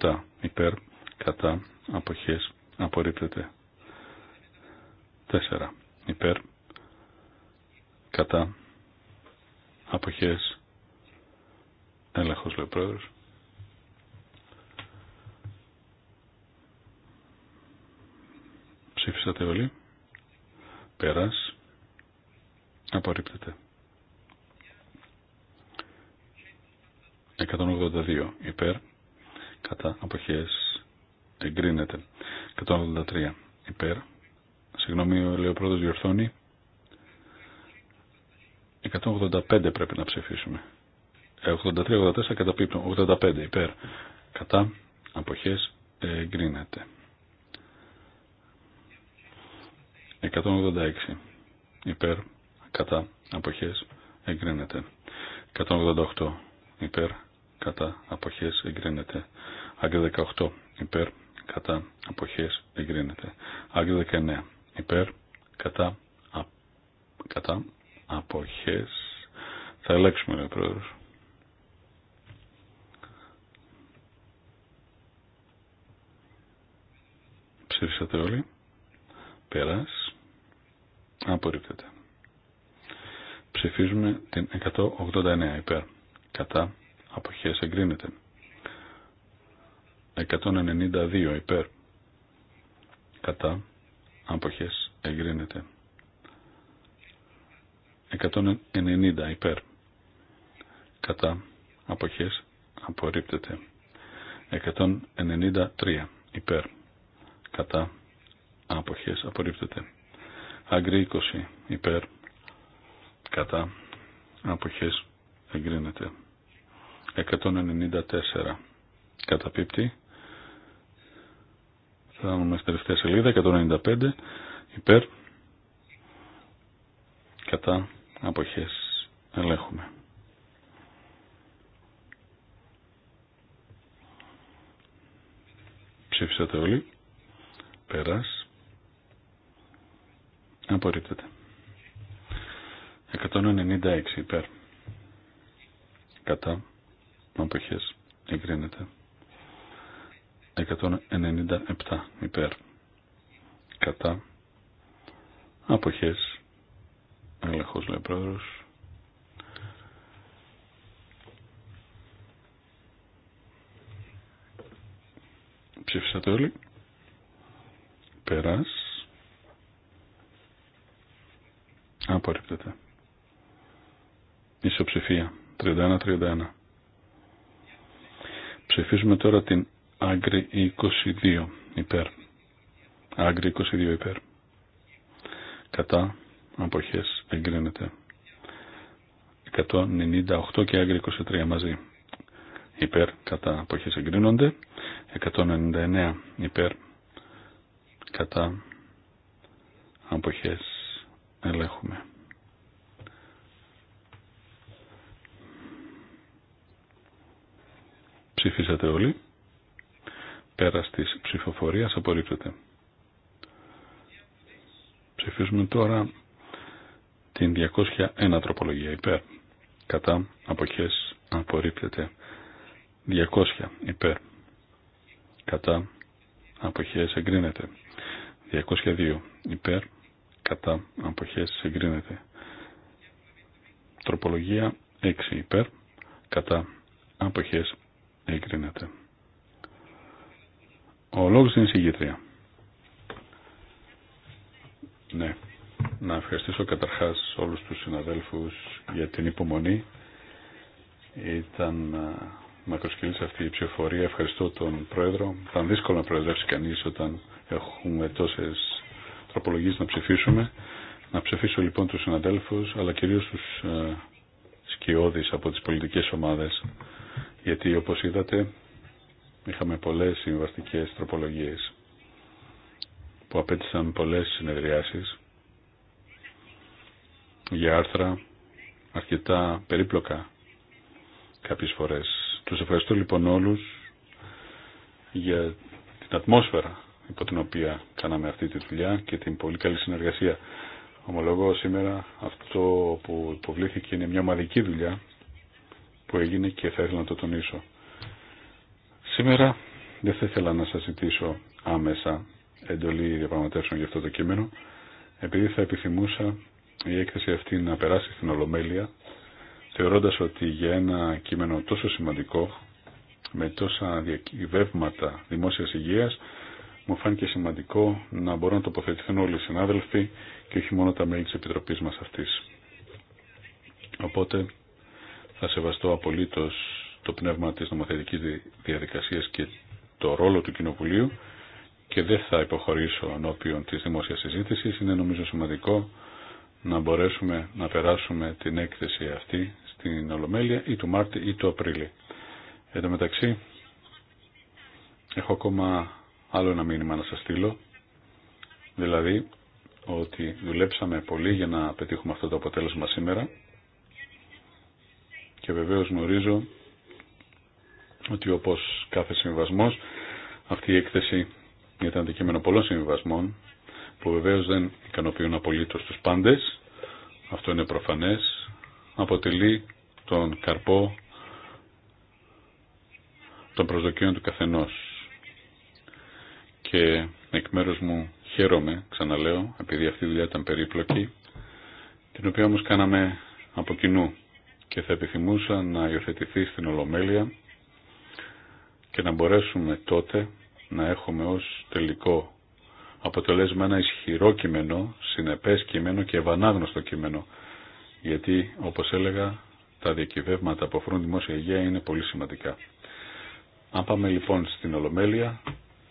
187 υπέρ κατά αποχές απορρίπτεται 4 υπέρ κατά αποχές έλεγχος λέει ο πρόεδρος ψήφισατε όλοι πέρας Απορρίπτεται. 182 υπέρ. Κατά αποχές εγκρίνεται. 183 υπέρ. Συγγνώμη, ο Λεοπρόδος διορθώνει. 185 πρέπει να ψηφίσουμε. 83-84 καταπίπτουν. 85 υπέρ. Κατά αποχές εγκρίνεται. 186 υπέρ κατά αποχές εγκρίνεται 188 υπέρ κατά αποχές εγκρίνεται άγκρι 18 υπέρ κατά αποχές εγκρίνεται άγκρι 19 υπέρ κατά, α, κατά αποχές θα ελέγξουμε λέει πρόεδρος ψήφισατε όλοι πέρας απορρίπτεται Ψηφίζουμε την 189 υπέρ. Κατά αποχές εγκρίνεται. 192 υπέρ. Κατά αποχές εγκρίνεται. 190 υπέρ. Κατά αποχές απορρίπτεται. 193 υπέρ. Κατά αποχές απορρίπτεται. Αγκρή 20 υπέρ κατά αποχές εγκρίνεται 194 καταπίπτει θα δούμε στη τελευταία σελίδα 195 υπέρ κατά αποχές ελέγχουμε ψήφισατε όλοι πέρας απορρίπτεται 196 υπέρ. Κατά. Αποχές. Εγκρίνεται. 197 υπέρ. Κατά. Αποχές. Έλεγχος λέει πρόεδρος. Ψήφισατε όλοι. Περάς. Απορρίπτεται. Ισοψηφία. 31-31. Ψηφίζουμε τώρα την Άγκρη 22 υπέρ. Άγκρη 22 υπέρ. Κατά αποχές εγκρίνεται. 198 και Άγκρη 23 μαζί. Υπέρ κατά αποχές εγκρίνονται. 199 υπέρ κατά αποχές ελέγχουμε. Ψηφίσατε όλοι. Πέρα τη ψηφοφορία απορρίπτεται. Ψηφίζουμε τώρα την 201 τροπολογία υπέρ. Κατά αποχές απορρίπτεται. 200 υπέρ. Κατά αποχές εγκρίνεται. 202 υπέρ. Κατά αποχές εγκρίνεται. Τροπολογία 6 υπέρ. Κατά αποχές εγκρίνεται. Ο λόγος είναι συγγετρία. Ναι. Να ευχαριστήσω καταρχάς όλους τους συναδέλφους για την υπομονή. Ήταν μακροσκελής αυτή η ψηφορία. Ευχαριστώ τον Πρόεδρο. Ήταν δύσκολο να προεδρεύσει κανείς όταν έχουμε τόσες τροπολογίες να ψηφίσουμε. Να ψηφίσω λοιπόν τους συναδέλφους, αλλά κυρίως τους σκιώδεις από τις πολιτικές ομάδες γιατί όπως είδατε είχαμε πολλές συμβαστικές τροπολογίες που απέτησαν πολλές συνεδριάσεις για άρθρα αρκετά περίπλοκα κάποιες φορές. Τους ευχαριστώ λοιπόν όλους για την ατμόσφαιρα υπό την οποία κάναμε αυτή τη δουλειά και την πολύ καλή συνεργασία. Ομολογώ σήμερα αυτό που υποβλήθηκε είναι μια ομαδική δουλειά που έγινε και θα ήθελα να το τονίσω. Σήμερα δεν θα ήθελα να σας ζητήσω άμεσα εντολή διαπραγματεύσεων για αυτό το κείμενο, επειδή θα επιθυμούσα η έκθεση αυτή να περάσει στην Ολομέλεια, θεωρώντας ότι για ένα κείμενο τόσο σημαντικό, με τόσα διακυβεύματα δημόσιας υγείας, μου φάνηκε σημαντικό να μπορούν να τοποθετηθούν όλοι οι συνάδελφοι και όχι μόνο τα μέλη της Επιτροπής μας αυτής. Οπότε θα σεβαστώ απολύτως το πνεύμα της νομοθετικής διαδικασίας και το ρόλο του Κοινοβουλίου και δεν θα υποχωρήσω ενώπιον της δημόσιας συζήτηση. Είναι νομίζω σημαντικό να μπορέσουμε να περάσουμε την έκθεση αυτή στην Ολομέλεια ή του Μάρτη ή του Απρίλη. Εν τω μεταξύ, έχω ακόμα άλλο ένα μήνυμα να σας στείλω, δηλαδή ότι δουλέψαμε πολύ για να πετύχουμε αυτό το αποτέλεσμα σήμερα και βεβαίως γνωρίζω ότι όπως κάθε συμβιβασμός αυτή η έκθεση ήταν αντικείμενο πολλών συμβιβασμών που βεβαίως δεν ικανοποιούν απολύτως τους πάντες. Αυτό είναι προφανές. Αποτελεί τον καρπό των προσδοκίων του καθενός. Και εκ μέρους μου χαίρομαι, ξαναλέω, επειδή αυτή η δουλειά ήταν περίπλοκη, την οποία όμως κάναμε από κοινού και θα επιθυμούσα να υιοθετηθεί στην Ολομέλεια και να μπορέσουμε τότε να έχουμε ως τελικό αποτελέσμα ένα ισχυρό κείμενο, συνεπές κείμενο και ευανάγνωστο κείμενο. Γιατί, όπως έλεγα, τα διακυβεύματα που αφορούν δημόσια υγεία είναι πολύ σημαντικά. Αν πάμε λοιπόν στην Ολομέλεια,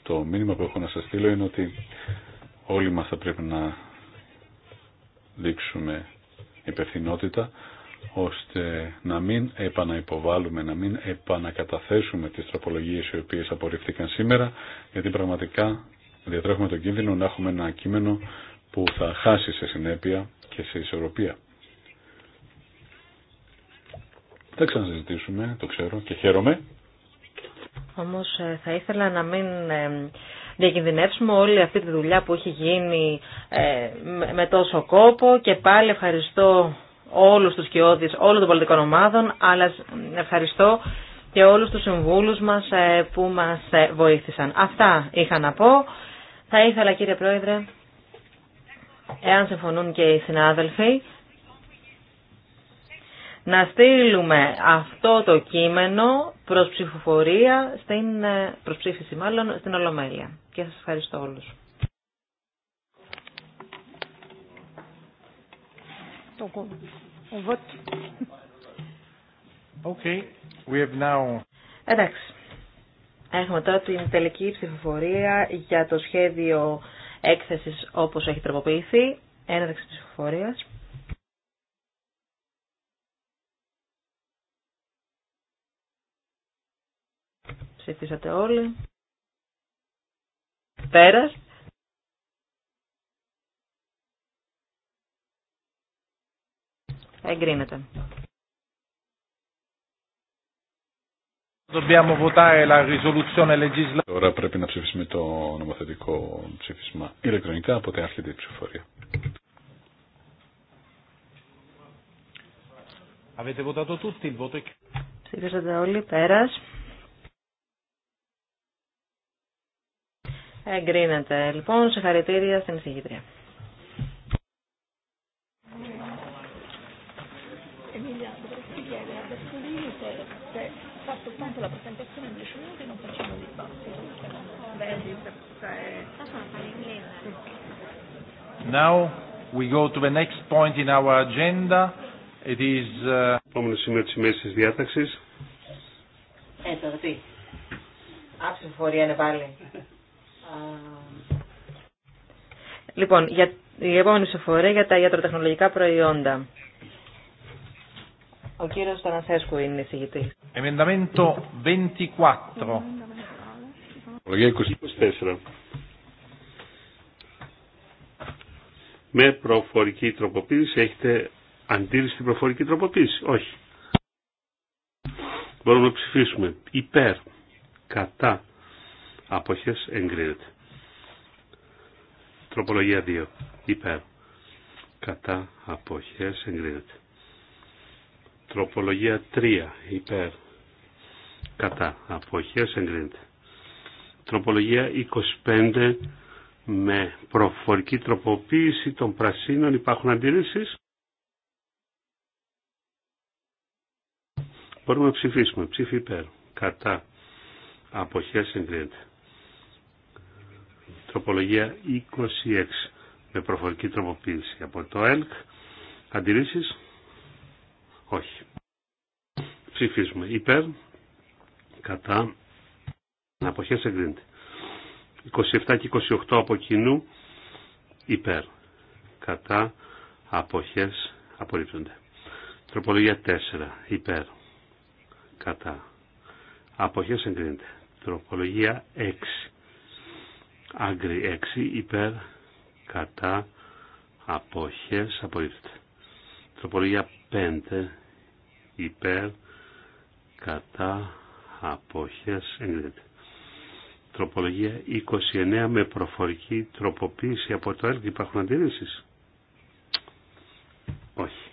το μήνυμα που έχω να σας στείλω είναι ότι όλοι μας θα πρέπει να δείξουμε υπευθυνότητα, ώστε να μην επαναυποβάλουμε, να μην επανακαταθέσουμε τις τροπολογίες οι οποίες απορρίφθηκαν σήμερα, γιατί πραγματικά διατρέχουμε τον κίνδυνο να έχουμε ένα κείμενο που θα χάσει σε συνέπεια και σε ισορροπία. Θα ξαναζητήσουμε, το ξέρω και χαίρομαι. Όμως ε, θα ήθελα να μην ε, διακινδυνεύσουμε όλη αυτή τη δουλειά που έχει γίνει ε, με τόσο κόπο και πάλι ευχαριστώ όλους τους κοιόδης όλων των πολιτικών ομάδων, αλλά ευχαριστώ και όλους τους συμβούλους μας ε, που μας ε, βοήθησαν. Αυτά είχα να πω. Θα ήθελα κύριε Πρόεδρε, εάν συμφωνούν και οι συνάδελφοι, να στείλουμε αυτό το κείμενο προς ψηφοφορία, στην, ε, προς ψήφιση μάλλον, στην Ολομέλεια. Και σας ευχαριστώ όλους. We have now... Εντάξει. Έχουμε τώρα την τελική ψηφοφορία για το σχέδιο έκθεσης όπως έχει τροποποιηθεί. Έναρξη ψηφοφορίας. Ψηφίσατε όλοι. Πέρας. Εγκρίνεται. Τώρα πρέπει να ψηφίσουμε το νομοθετικό ψήφισμα ηλεκτρονικά, οπότε άρχεται η ψηφοφορία. Ψήφισατε όλοι, πέρας. Εγκρίνεται. Λοιπόν, συγχαρητήρια στην εισηγητρία. tanto la presentazione in 10 minuti non facciamo il eh. ah, ah, ah, Now we go to the next point in our agenda. It is... Uh, Επόμενο σημείο της ημέρας της διάταξης. Ε, τι. Άψη φορία είναι πάλι. Λοιπόν, για, η επόμενη ψηφοφορία για τα ιατροτεχνολογικά προϊόντα. Ο κύριος Τανασέσκου είναι εισηγητής. Emendamento 24. 24. Με προφορική τροποποίηση έχετε αντίρρηση στην προφορική τροποποίηση. Όχι. Μπορούμε να ψηφίσουμε υπέρ, κατά, αποχές εγκρίνεται. Τροπολογία 2. Υπέρ. Κατά αποχές εγκρίνεται. Τροπολογία 3. Υπέρ κατά αποχές εγκρίνεται. Τροπολογία 25 με προφορική τροποποίηση των πρασίνων υπάρχουν αντιρρήσεις. Μπορούμε να ψηφίσουμε. Ψήφι υπέρ. Κατά. Αποχές εγκρίνεται. Τροπολογία 26 με προφορική τροποποίηση από το ΕΛΚ. Αντιρρήσεις. Όχι. Ψηφίσουμε. Υπέρ κατά αποχές εγκρίνεται 27 και 28 από κοινού υπέρ κατά αποχές απορρίπτονται τροπολογία 4 υπέρ κατά αποχές εγκρίνεται τροπολογία 6 άγκρι 6 υπέρ κατά αποχές απορρίπτονται. τροπολογία 5 υπέρ κατά αποχές εγκρίνεται. Τροπολογία 29 με προφορική τροποποίηση από το ΕΛΚ. Υπάρχουν αντίρρησεις. Όχι.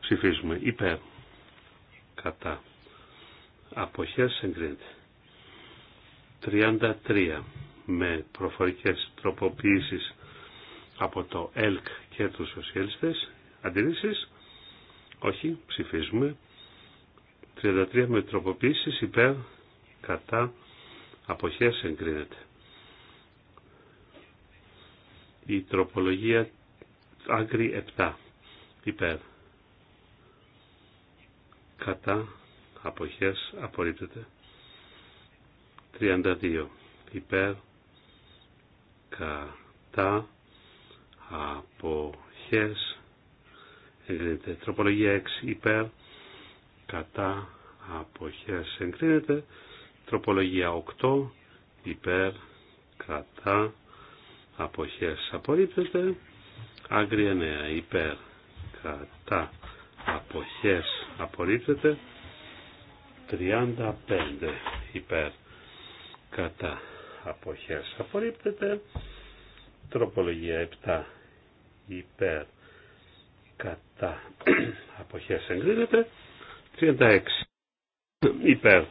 Ψηφίζουμε υπέρ. Κατά. Αποχές εγκρίνεται. 33 με προφορικές τροποποίησεις από το ΕΛΚ και τους σοσιαλιστές. Αντιρρήσεις. Όχι. Ψηφίζουμε 33 με τροποποίησης υπέρ κατά αποχές εγκρίνεται. Η τροπολογία άγκρι 7 υπέρ κατά αποχές απορρίπτεται. 32 υπέρ κατά αποχές εγκρίνεται. Τροπολογία 6 υπέρ κατά αποχές εγκρίνεται. Τροπολογία 8 υπέρ κατά αποχές απορρίπτεται. Άγκρια 9 υπέρ κατά αποχές απορρίπτεται. 35 υπέρ κατά αποχές απορρίπτεται. Τροπολογία 7 υπέρ κατά αποχές εγκρίνεται. 36 υπέρ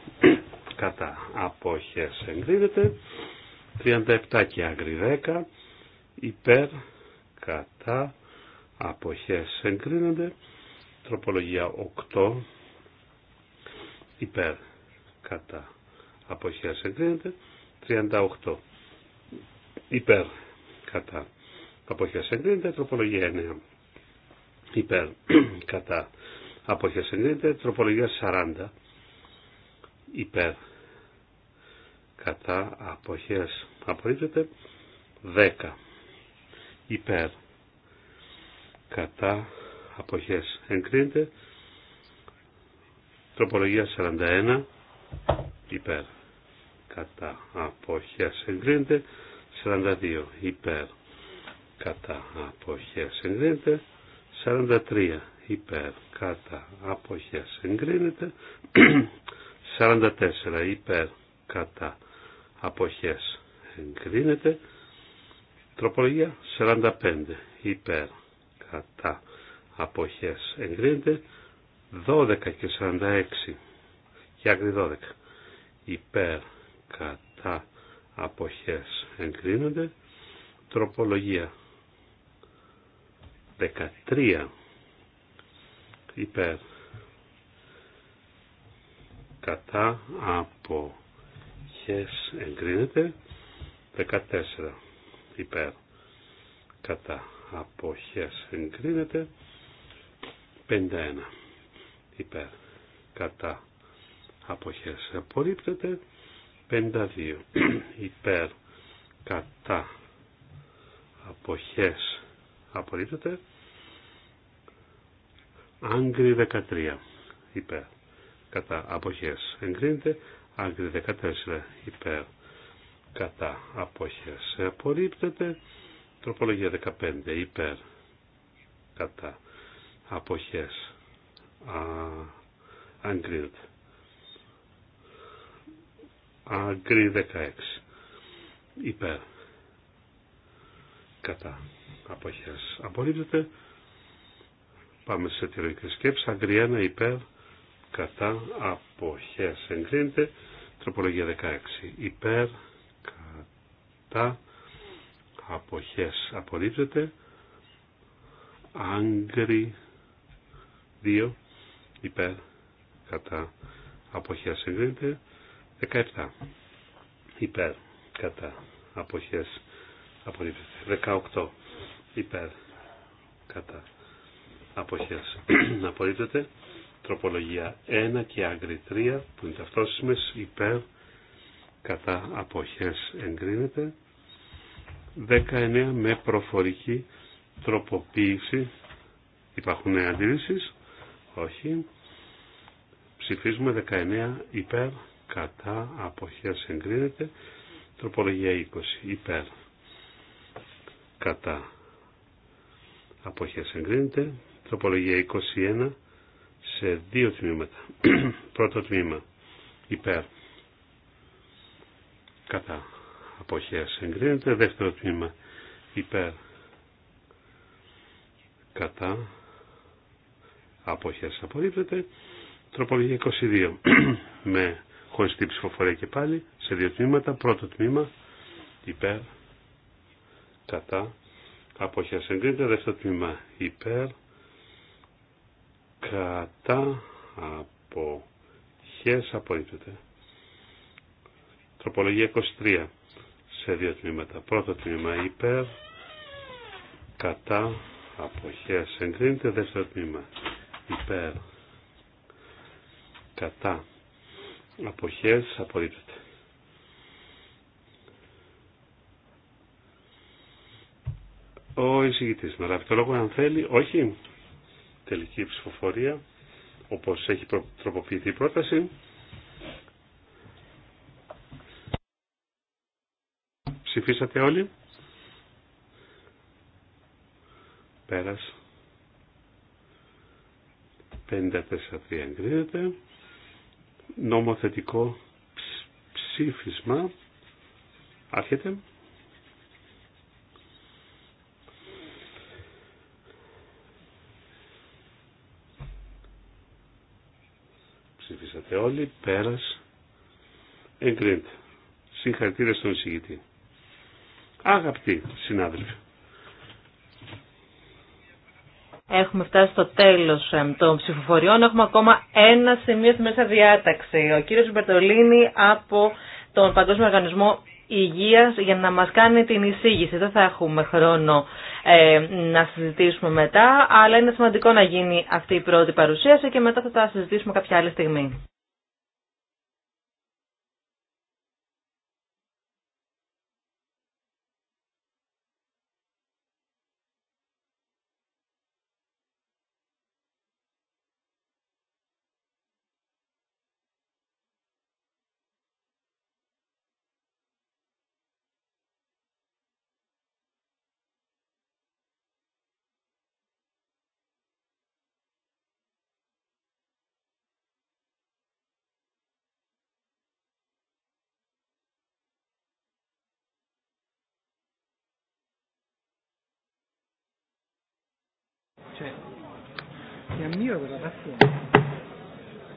κατά απόχες εγκρίνεται 37 και άγρι 10 υπέρ κατά αποχές εγκρίνονται τροπολογία 8 υπέρ κατά αποχές εγκρίνεται 38 υπέρ κατά αποχές εγκρίνεται τροπολογία 9 υπέρ κατά αποχές εγκρίνεται τροπολογία 40 υπέρ κατά αποχές απορρίπτεται 10 υπέρ κατά αποχές εγκρίνεται τροπολογία 41 υπέρ κατά αποχές εγκρίνεται 42 υπέρ κατά αποχές εγκρίνεται 43 υπέρ κατά αποχές εγκρίνεται 44 υπέρ κατά αποχές εγκρίνεται. Τροπολογία 45 υπέρ κατά αποχές εγκρίνεται. 12 και 46 και άκρη 12 υπέρ κατά αποχές εγκρίνονται. Τροπολογία 13 υπέρ κατά από χες εγκρίνεται 14 υπέρ κατά από χες εγκρίνεται 51 υπέρ κατά από χες απορρίπτεται 52 υπέρ κατά αποχές απορρίπτεται Άγκρι 13 υπέρ κατά αποχές εγκρίνεται, άγκρι 14 υπέρ κατά αποχές απορρίπτεται, τροπολογία 15 υπέρ κατά αποχές εγκρίνεται. Αγκρί 16 υπέρ κατά αποχές απορρίπτεται. Πάμε σε λογική σκέψη. Αγκρί 1 υπέρ κατά αποχές εγκρίνεται τροπολογία 16 υπέρ κατά αποχές απορρίπτεται άγκρι 2 υπέρ κατά αποχές εγκρίνεται 17 υπέρ κατά αποχές απορρίπτεται 18 υπέρ κατά αποχές (clears throat) απορρίπτεται τροπολογία 1 και άγκρη 3 που είναι ταυτόσιμες υπέρ κατά αποχές εγκρίνεται 19 με προφορική τροποποίηση υπάρχουν αντιρρήσεις όχι ψηφίζουμε 19 υπέρ κατά αποχές εγκρίνεται τροπολογία 20 υπέρ κατά αποχές εγκρίνεται τροπολογία 21 σε δύο τμήματα. (clears throat) Πρώτο τμήμα υπέρ κατά αποχέας εγκρίνεται. Δεύτερο τμήμα υπέρ κατά αποχέας απορρίπτεται. Τροπολογία 22 (clears throat) με χωριστή ψηφοφορία και πάλι σε δύο τμήματα. Πρώτο τμήμα υπέρ κατά αποχέας εγκρίνεται. Δεύτερο τμήμα υπέρ κατά από χες απορρίπτεται. Τροπολογία 23 σε δύο τμήματα. Πρώτο τμήμα υπέρ, κατά, χές εγκρίνεται. Δεύτερο τμήμα υπέρ, κατά, αποχές απορρίπτεται. Ο εισηγητής με το λόγο αν θέλει, όχι, τελική ψηφοφορία όπως έχει τροποποιηθεί η πρόταση. Ψηφίσατε όλοι. Πέρας. 54 εγκρίνεται. Νομοθετικό ψήφισμα. Άρχεται. όλοι, πέρας, εγκρίνεται. Συγχαρητήρια στον εισηγητή. Αγαπητοί συνάδελφοι. Έχουμε φτάσει στο τέλος των ψηφοφοριών. Έχουμε ακόμα ένα σημείο στη μέσα διάταξη. Ο κύριος Μπερτολίνη από τον Παγκόσμιο Οργανισμό Υγείας για να μας κάνει την εισήγηση. Δεν θα έχουμε χρόνο ε, να συζητήσουμε μετά, αλλά είναι σημαντικό να γίνει αυτή η πρώτη παρουσίαση και μετά θα τα συζητήσουμε κάποια άλλη στιγμή.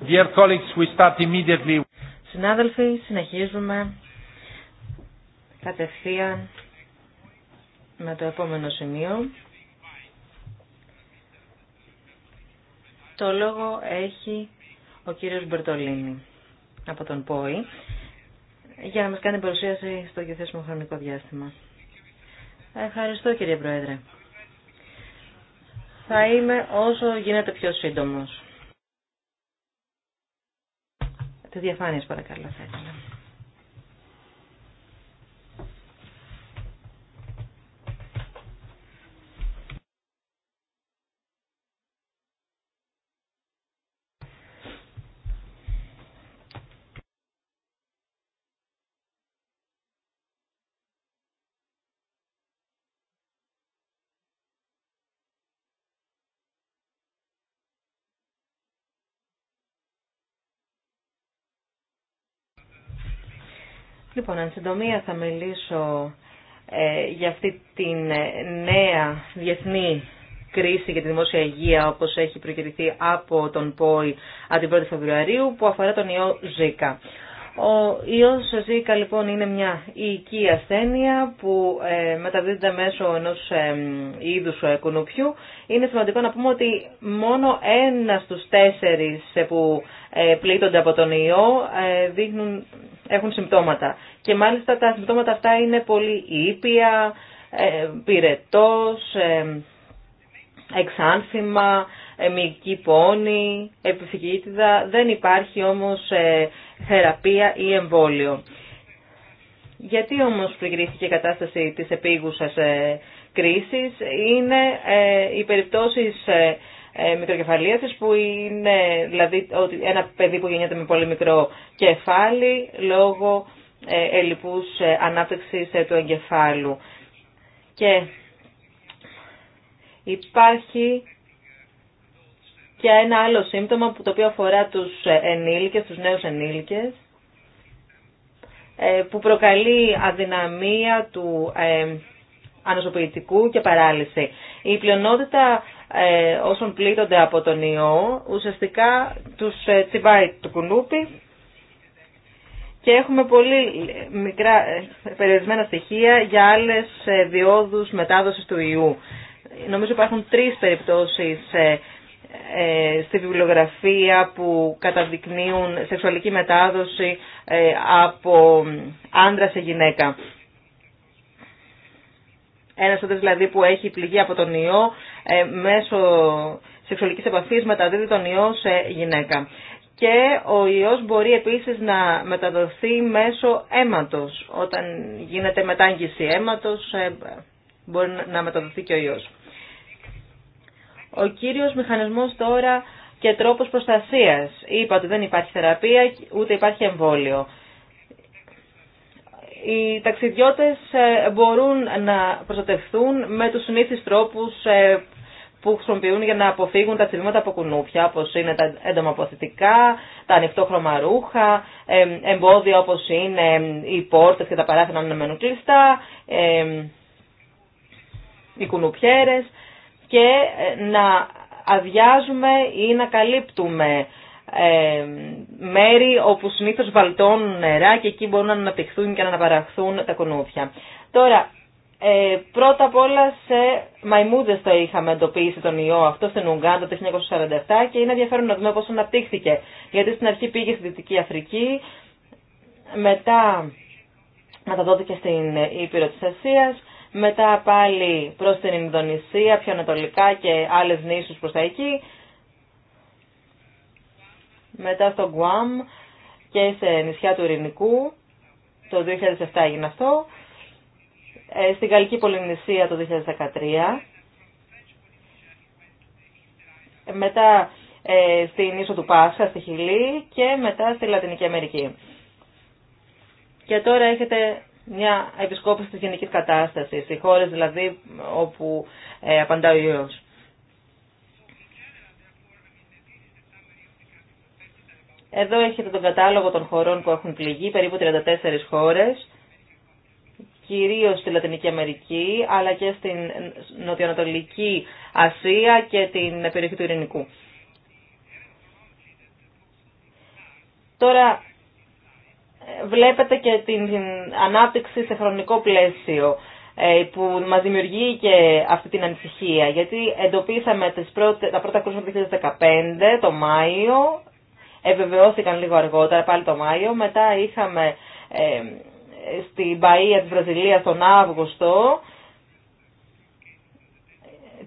Dear colleagues, we start immediately. Συνάδελφοι, συνεχίζουμε κατευθείαν με το επόμενο σημείο. Το λόγο έχει ο κύριος Μπερτολίνη από τον ΠΟΗ για να μας κάνει παρουσίαση στο διαθέσιμο χρονικό διάστημα. Ευχαριστώ κύριε Πρόεδρε. Θα είμαι όσο γίνεται πιο σύντομος. Τη διαφάνειες παρακαλώ θα ήθελα. Λοιπόν, εν συντομία θα μιλήσω ε, για αυτή τη ε, νέα διεθνή κρίση για τη δημόσια υγεία όπως έχει προκυρηθεί από τον ΠΟΗ από την 1η Φεβρουαρίου που αφορά τον ιό ΖΙΚΑ. Ο ιός ζήκα λοιπόν είναι μια οικία ασθένεια που ε, μεταδίδεται μέσω ενός ε, είδους ε, κουνουπιού. Είναι σημαντικό να πούμε ότι μόνο ένα στους τέσσερις που πλήττονται από τον ιό έχουν συμπτώματα. Και μάλιστα τα συμπτώματα αυτά είναι πολύ ήπια, πυρετός, εξάνθημα, μυϊκή πόνη, επιφυγίτιδα. Δεν υπάρχει όμως θεραπεία ή εμβόλιο. Γιατί όμως πληγρήθηκε η κατάσταση της επίγουσας ε, κρίσης είναι ε, οι περιπτώσεις ε, μικροκεφαλίασης που είναι δηλαδή ότι ένα παιδί που γεννιέται με πολύ μικρό κεφάλι λόγω ελλειπούς ανάπτυξης του εγκεφάλου. Και υπάρχει και ένα άλλο σύμπτωμα που το οποίο αφορά τους ε, ενήλικες, τους νέους ενήλικες, ε, που προκαλεί αδυναμία του ε, ανοσοποιητικού και παράλυση. Η πλειονότητα όσων πλήττονται από τον ιό ουσιαστικά τους τσιβάει το κουνούπι και έχουμε πολύ μικρά περιορισμένα στοιχεία για άλλες διόδους μετάδοσης του ιού. Νομίζω υπάρχουν τρεις περιπτώσεις ε, στη βιβλιογραφία που καταδεικνύουν σεξουαλική μετάδοση ε, από άντρα σε γυναίκα. Ένας άντρας δηλαδή που έχει πληγεί από τον ιό ε, μέσω σεξουαλικής επαφής μεταδίδει τον ιό σε γυναίκα. Και ο ιός μπορεί επίσης να μεταδοθεί μέσω αίματος. Όταν γίνεται μετάγγιση αίματος μπορεί να μεταδοθεί και ο ιός. Ο κύριος μηχανισμός τώρα και τρόπος προστασίας. Είπα ότι δεν υπάρχει θεραπεία, ούτε υπάρχει εμβόλιο. Οι ταξιδιώτες ε, μπορούν να προστατευθούν με τους συνήθεις τρόπους ε, που χρησιμοποιούν για να αποφύγουν τα τσιμήματα από κουνούπια, όπως είναι τα έντομα τα ανοιχτόχρωμα ρούχα, ε, εμπόδια όπως είναι οι πόρτες και τα παράθυρα να μένουν οι κουνουπιέρες και ε, να αδειάζουμε ή να καλύπτουμε ε, μέρη όπου συνήθως βαλτώνουν νερά και εκεί μπορούν να αναπτυχθούν και να αναπαραχθούν τα κουνούπια. Τώρα, ε, πρώτα απ' όλα σε μαϊμούδες το είχαμε εντοπίσει τον ιό αυτό στην Ουγγάντα το 1947 και είναι ενδιαφέρον να δούμε πώς αναπτύχθηκε. Γιατί στην αρχή πήγε στη Δυτική Αφρική, μετά μεταδόθηκε στην Ήπειρο της Ασίας μετά πάλι προς την Ινδονησία, πιο ανατολικά και άλλες νήσους προς τα εκεί, μετά στο Γκουάμ και σε νησιά του Ειρηνικού, το 2007 έγινε αυτό, ε, στην Γαλλική Πολυνησία το 2013, μετά ε, στην ίσο του Πάσχα, στη Χιλή και μετά στη Λατινική Αμερική. Και τώρα έχετε μια επισκόπηση της γενικής κατάστασης, οι χώρες δηλαδή όπου ε, απαντά ο Εδώ έχετε τον κατάλογο των χωρών που έχουν πληγεί, περίπου 34 χώρες, κυρίως στη Λατινική Αμερική, αλλά και στην Νοτιοανατολική Ασία και την περιοχή του Ειρηνικού. Τώρα, βλέπετε και την ανάπτυξη σε χρονικό πλαίσιο ε, που μας δημιουργεί και αυτή την ανησυχία. Γιατί εντοπίσαμε τις τα πρώτα κρούσματα του 2015, το Μάιο, επιβεβαιώθηκαν λίγο αργότερα, πάλι το Μάιο. Μετά είχαμε ε, στην Παΐα της Βραζιλίας τον Αύγουστο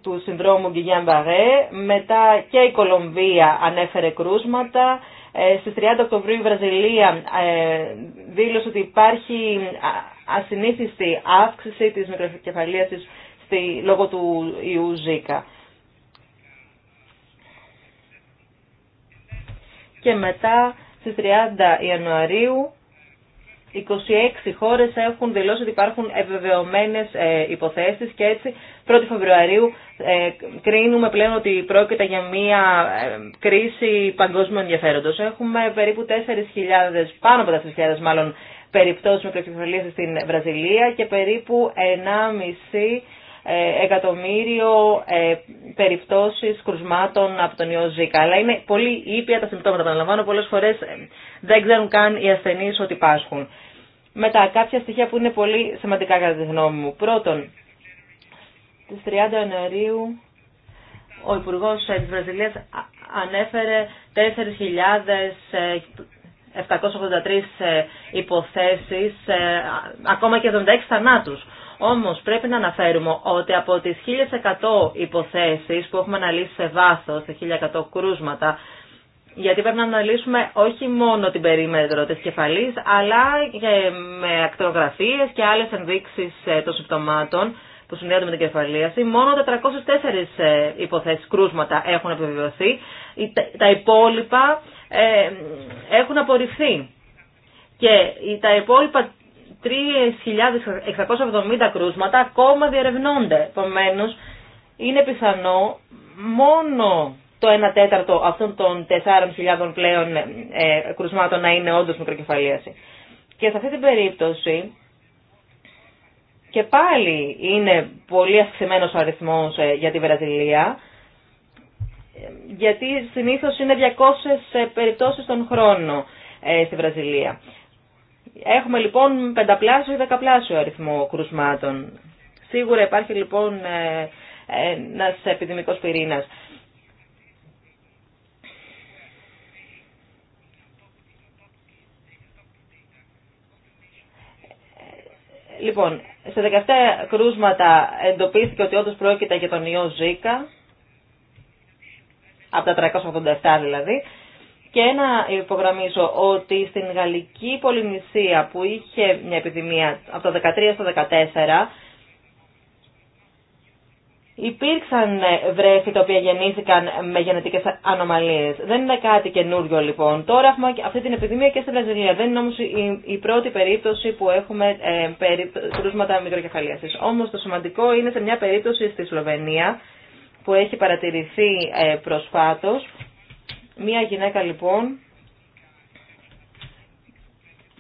του συνδρόμου Γκυγιάν Βαρέ. Μετά και η Κολομβία ανέφερε κρούσματα. Ε, στις 30 Οκτωβρίου η Βραζιλία ε, δήλωσε ότι υπάρχει ασυνήθιστη αύξηση της της στη, λόγω του ιού Ζήκα. Και μετά στις 30 Ιανουαρίου 26 χώρε έχουν δηλώσει ότι υπάρχουν ευεβεβαιωμένες ε, υποθέσεις και έτσι 1η Φεβρουαρίου ε, κρίνουμε πλέον ότι πρόκειται για μια ε, κρίση παγκόσμιου ενδιαφέροντος. Έχουμε περίπου 4.000, πάνω από 4.000 μάλλον, περιπτώσεις μικροεξεφαλίας στην Βραζιλία και περίπου 1,5 ε, εκατομμύριο ε, περιπτώσεις κρουσμάτων από τον ιό Ζήκα. Αλλά είναι πολύ ήπια τα συμπτώματα. Παναλαμβάνω, πολλές φορές ε, δεν ξέρουν καν οι ασθενείς ότι υπάρχουν. Μετά, κάποια στοιχεία που είναι πολύ σημαντικά κατά τη γνώμη μου. Πρώτον, στις 30 Ιανουαρίου ο Υπουργός της Βραζιλίας ανέφερε 4.783 υποθέσει υποθέσεις, ακόμα και 76 θανάτους. Όμως πρέπει να αναφέρουμε ότι από τις 1.100 υποθέσεις που έχουμε αναλύσει σε βάθος, σε 1.100 κρούσματα, γιατί πρέπει να αναλύσουμε όχι μόνο την περίμετρο της κεφαλής, αλλά και με ακτινογραφίες και άλλες ενδείξεις ε, των συμπτωμάτων που συνδέονται με την κεφαλίαση. Μόνο 404 ε, υποθέσεις κρούσματα έχουν επιβεβαιωθεί. Τα υπόλοιπα ε, έχουν απορριφθεί. Και τα υπόλοιπα 3.670 κρούσματα ακόμα διερευνώνται. Επομένω, είναι πιθανό μόνο το 1 τέταρτο αυτών των 4.000 πλέον ε, ε, κρούσματων να είναι όντω μικροκεφαλίαση. Και σε αυτή την περίπτωση και πάλι είναι πολύ αυξημένο ο αριθμό ε, για τη Βραζιλία. Γιατί συνήθω είναι 200 περιπτώσει τον χρόνο στη Βραζιλία. Έχουμε λοιπόν πενταπλάσιο ή δεκαπλάσιο αριθμό κρουσμάτων. Σίγουρα υπάρχει λοιπόν ε, ένα επιδημικός πυρήνας. Λοιπόν, σε 17 κρούσματα εντοπίστηκε ότι όντως πρόκειται για τον ιό Ζήκα, από τα 387 δηλαδή, και να υπογραμμίσω ότι στην Γαλλική Πολυνησία που είχε μια επιδημία από το 13 στο 14 υπήρξαν βρέφη τα οποία γεννήθηκαν με γενετικές ανομαλίες. Δεν είναι κάτι καινούριο λοιπόν. Τώρα έχουμε αυτή την επιδημία και στην Βραζιλία. Δεν είναι όμως η, πρώτη περίπτωση που έχουμε ε, κρούσματα μικροκεφαλίασης. Όμως το σημαντικό είναι σε μια περίπτωση στη Σλοβενία που έχει παρατηρηθεί ε, Μία γυναίκα λοιπόν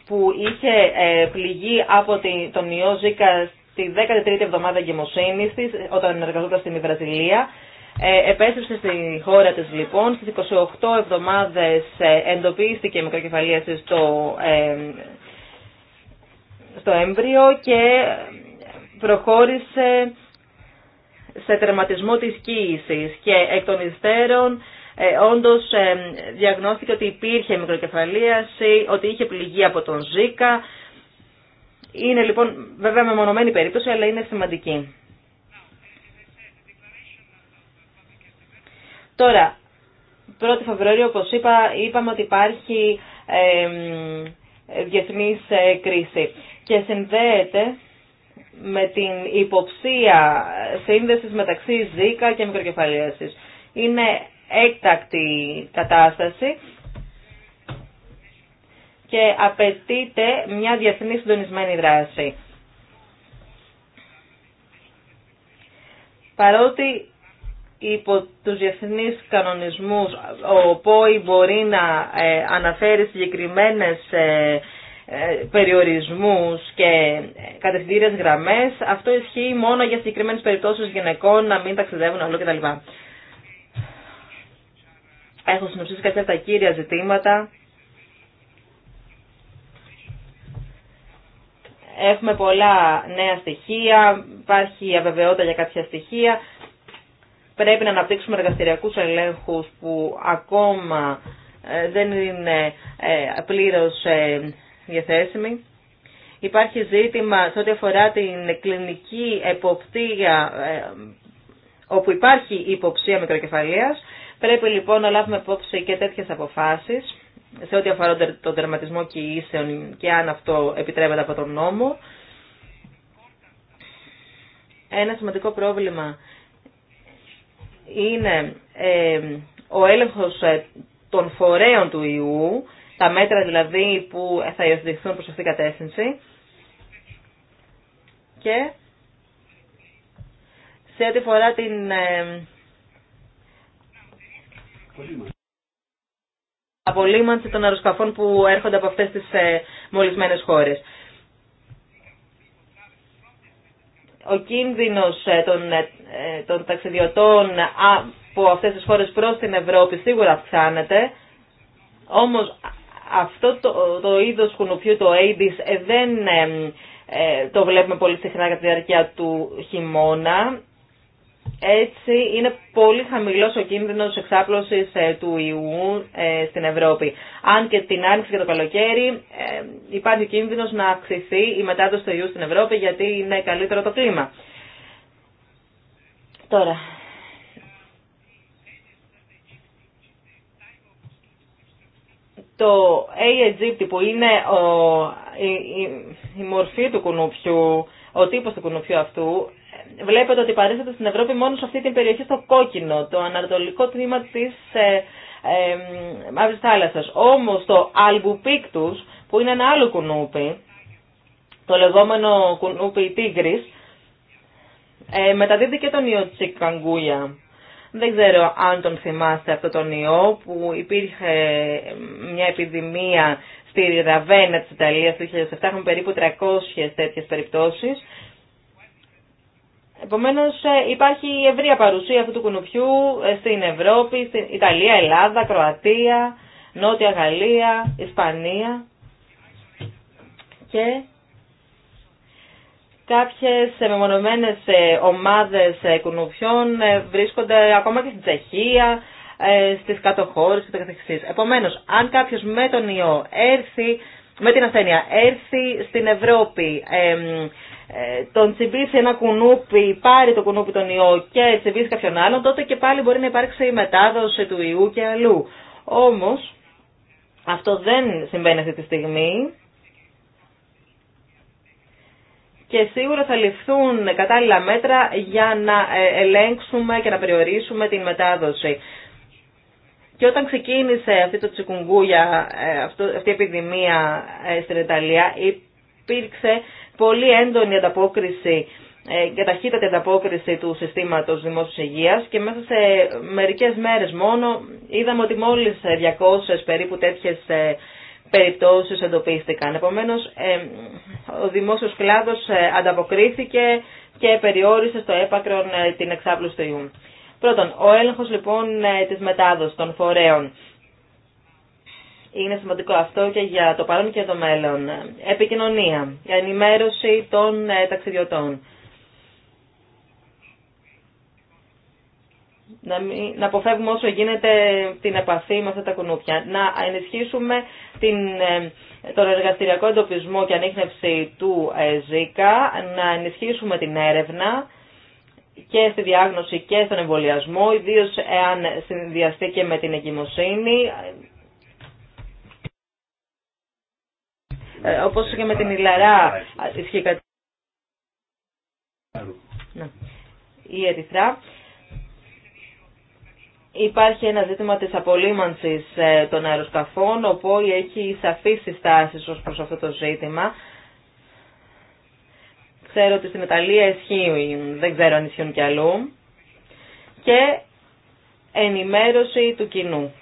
που είχε ε, πληγεί από τον ιό Ζήκα στη 13η εβδομάδα γεμοσύνης της όταν εργαζόταν στην Βραζιλία. Ε, επέστρεψε στη χώρα της λοιπόν, στις 28 εβδομάδες ε, εντοπίστηκε η μικροκεφαλία της στο, στο έμβριο και προχώρησε σε τερματισμό της κοίησης και εκ των υστέρων ε, όντως ε, διαγνώστηκε ότι υπήρχε μικροκεφαλίαση, ότι είχε πληγεί από τον Ζήκα. Είναι λοιπόν βέβαια μεμονωμένη περίπτωση, αλλά είναι σημαντική. Τώρα, 1η Φεβρουαρίου, όπω είπα, είπαμε ότι υπάρχει ε, διεθνής κρίση και συνδέεται με την υποψία σύνδεση μεταξύ ΖΙΚΑ και μικροκεφαλίασης. Είναι έκτακτη κατάσταση και απαιτείται μια διεθνή συντονισμένη δράση. Παρότι υπό τους διεθνείς κανονισμούς ο ΠΟΗ μπορεί να ε, αναφέρει συγκεκριμένες ε, ε, περιορισμούς και κατευθυντήριες γραμμές, αυτό ισχύει μόνο για συγκεκριμένες περιπτώσεις γυναικών να μην ταξιδεύουν αλλού κτλ. Έχω συνοψίσει κάποια από τα κύρια ζητήματα. Έχουμε πολλά νέα στοιχεία, υπάρχει αβεβαιότητα για κάποια στοιχεία. Πρέπει να αναπτύξουμε εργαστηριακούς ελέγχους που ακόμα ε, δεν είναι ε, πλήρως ε, διαθέσιμοι. Υπάρχει ζήτημα σε ό,τι αφορά την κλινική εποπτεία όπου υπάρχει υποψία μικροκεφαλίας Πρέπει λοιπόν να λάβουμε υπόψη και τέτοιες αποφάσεις σε ό,τι αφορά τον τερματισμό και και αν αυτό επιτρέπεται από τον νόμο. Ένα σημαντικό πρόβλημα είναι ε, ο έλεγχος ε, των φορέων του ιού, τα μέτρα δηλαδή που θα υιοθετηθούν προς αυτήν την κατεύθυνση και σε ό,τι φορά την ε, απολύμανση των αεροσκαφών που έρχονται από αυτές τις ε, μολυσμένες χώρες. Ο κίνδυνος ε, των, ε, των ταξιδιωτών από αυτές τις χώρες προς την Ευρώπη σίγουρα αυξάνεται, όμως αυτό το, το είδος κουνουπιού, το AIDS, δεν το βλέπουμε πολύ συχνά κατά τη διάρκεια του χειμώνα. Έτσι είναι πολύ χαμηλός ο κίνδυνος εξάπλωσης ε, του ιού ε, στην Ευρώπη. Αν και την άνοιξη και το καλοκαίρι ε, υπάρχει κίνδυνος να αυξηθεί η μετάδοση του ιού στην Ευρώπη γιατί είναι καλύτερο το κλίμα. Τώρα, το a που είναι ο, η, μορφή του κουνούπιου, ο τύπος του κουνούπιου αυτού, βλέπετε ότι παρέχεται στην Ευρώπη μόνο σε αυτή την περιοχή στο κόκκινο, το ανατολικό τμήμα της ε, ε, Μαύρης Θάλασσας. Όμως το Αλμπουπίκτους, που είναι ένα άλλο κουνούπι, το λεγόμενο κουνούπι Τίγρης, ε, μεταδίδει και τον ιό Τσικαγκούια. Δεν ξέρω αν τον θυμάστε αυτό τον ιό που υπήρχε μια επιδημία στη Ραβένα της Ιταλίας του 2007, είχαμε περίπου 300 τέτοιες περιπτώσεις Επομένω, ε, υπάρχει ευρεία παρουσία αυτού του κουνουπιού ε, στην Ευρώπη, στην Ιταλία, Ελλάδα, Κροατία, Νότια Γαλλία, Ισπανία και κάποιες μεμονωμένες ε, ομάδες κουνουπιών βρίσκονται ακόμα και στην Τσεχία, στις Κατοχώρες χώρες και Επομένως, αν κάποιος με τον ιό έρθει με την ασθένεια έρθει στην Ευρώπη, ε, τον τσιμπήσει ένα κουνούπι, πάρει το κουνούπι τον ιό και τσιμπήσει κάποιον άλλον, τότε και πάλι μπορεί να υπάρξει η μετάδοση του ιού και αλλού. Όμως, αυτό δεν συμβαίνει αυτή τη στιγμή και σίγουρα θα ληφθούν κατάλληλα μέτρα για να ε, ελέγξουμε και να περιορίσουμε την μετάδοση. Και όταν ξεκίνησε αυτή το ε, αυτό αυτή η επιδημία ε, στην Ιταλία, υπήρξε πολύ έντονη ανταπόκριση ε, και ταχύτατη ανταπόκριση του συστήματος δημόσιας υγείας και μέσα σε μερικές μέρες μόνο είδαμε ότι μόλις 200 περίπου τέτοιες περιπτώσεις εντοπίστηκαν. Επομένως, ο δημόσιος κλάδος ανταποκρίθηκε και περιόρισε στο έπακρον την εξάπλωση του Πρώτον, ο έλεγχος λοιπόν ε, της μετάδοσης των φορέων. Είναι σημαντικό αυτό και για το παρόν και το μέλλον. Επικοινωνία, η ενημέρωση των ε, ταξιδιωτών. Να, μην, να αποφεύγουμε όσο γίνεται την επαφή με αυτά τα κουνούπια. Να ενισχύσουμε την, ε, τον εργαστηριακό εντοπισμό και ανείχνευση του ΖΙΚΑ, να ενισχύσουμε την έρευνα και στη διάγνωση και στον εμβολιασμό, ιδίω εάν συνδυαστεί και με την εγκυμοσύνη, ε, όπως και με την Ιλαρά ισχύει ναι. Η Ερυθρά. Υπάρχει ένα ζήτημα της απολύμανσης ε, των αεροσκαφών, ο έχει σαφείς συστάσεις ως προς αυτό το ζήτημα. Ξέρω ότι στην Ιταλία ισχύουν, δεν ξέρω αν ισχύουν κι αλλού. Και ενημέρωση του κοινού.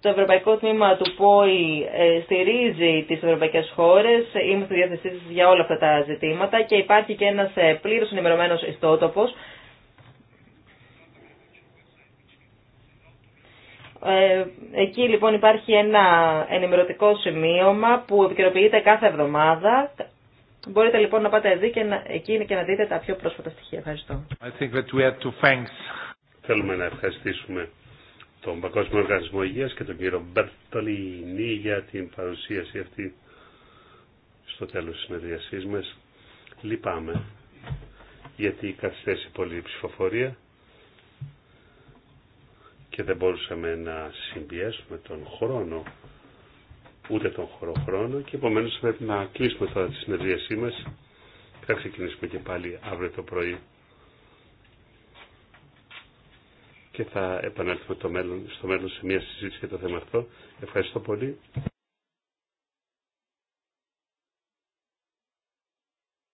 Το Ευρωπαϊκό Τμήμα του ΠΟΗ ε, στηρίζει τις ευρωπαϊκές χώρες, είμαστε διαθεσίσεις για όλα αυτά τα ζητήματα και υπάρχει και ένας ε, πλήρως ενημερωμένος ιστότοπος Ε, εκεί λοιπόν υπάρχει ένα ενημερωτικό σημείωμα που επικαιροποιείται κάθε εβδομάδα. Μπορείτε λοιπόν να πάτε εδώ και να, εκεί και να δείτε τα πιο πρόσφατα στοιχεία. Ευχαριστώ. I think that we to Θέλουμε να ευχαριστήσουμε τον Παγκόσμιο Οργανισμό Υγείας και τον κύριο Μπερτολίνη για την παρουσίαση αυτή στο τέλος της συνεδριασής μα. Λυπάμαι γιατί καθυστέρησε πολύ η ψηφοφορία και δεν μπορούσαμε να συμπιέσουμε τον χρόνο ούτε τον χώρο και επομένως πρέπει να κλείσουμε τώρα τη συνεδρίασή μας θα ξεκινήσουμε και πάλι αύριο το πρωί και θα επανέλθουμε το μέλλον, στο μέλλον σε μια συζήτηση για το θέμα αυτό. Ευχαριστώ πολύ.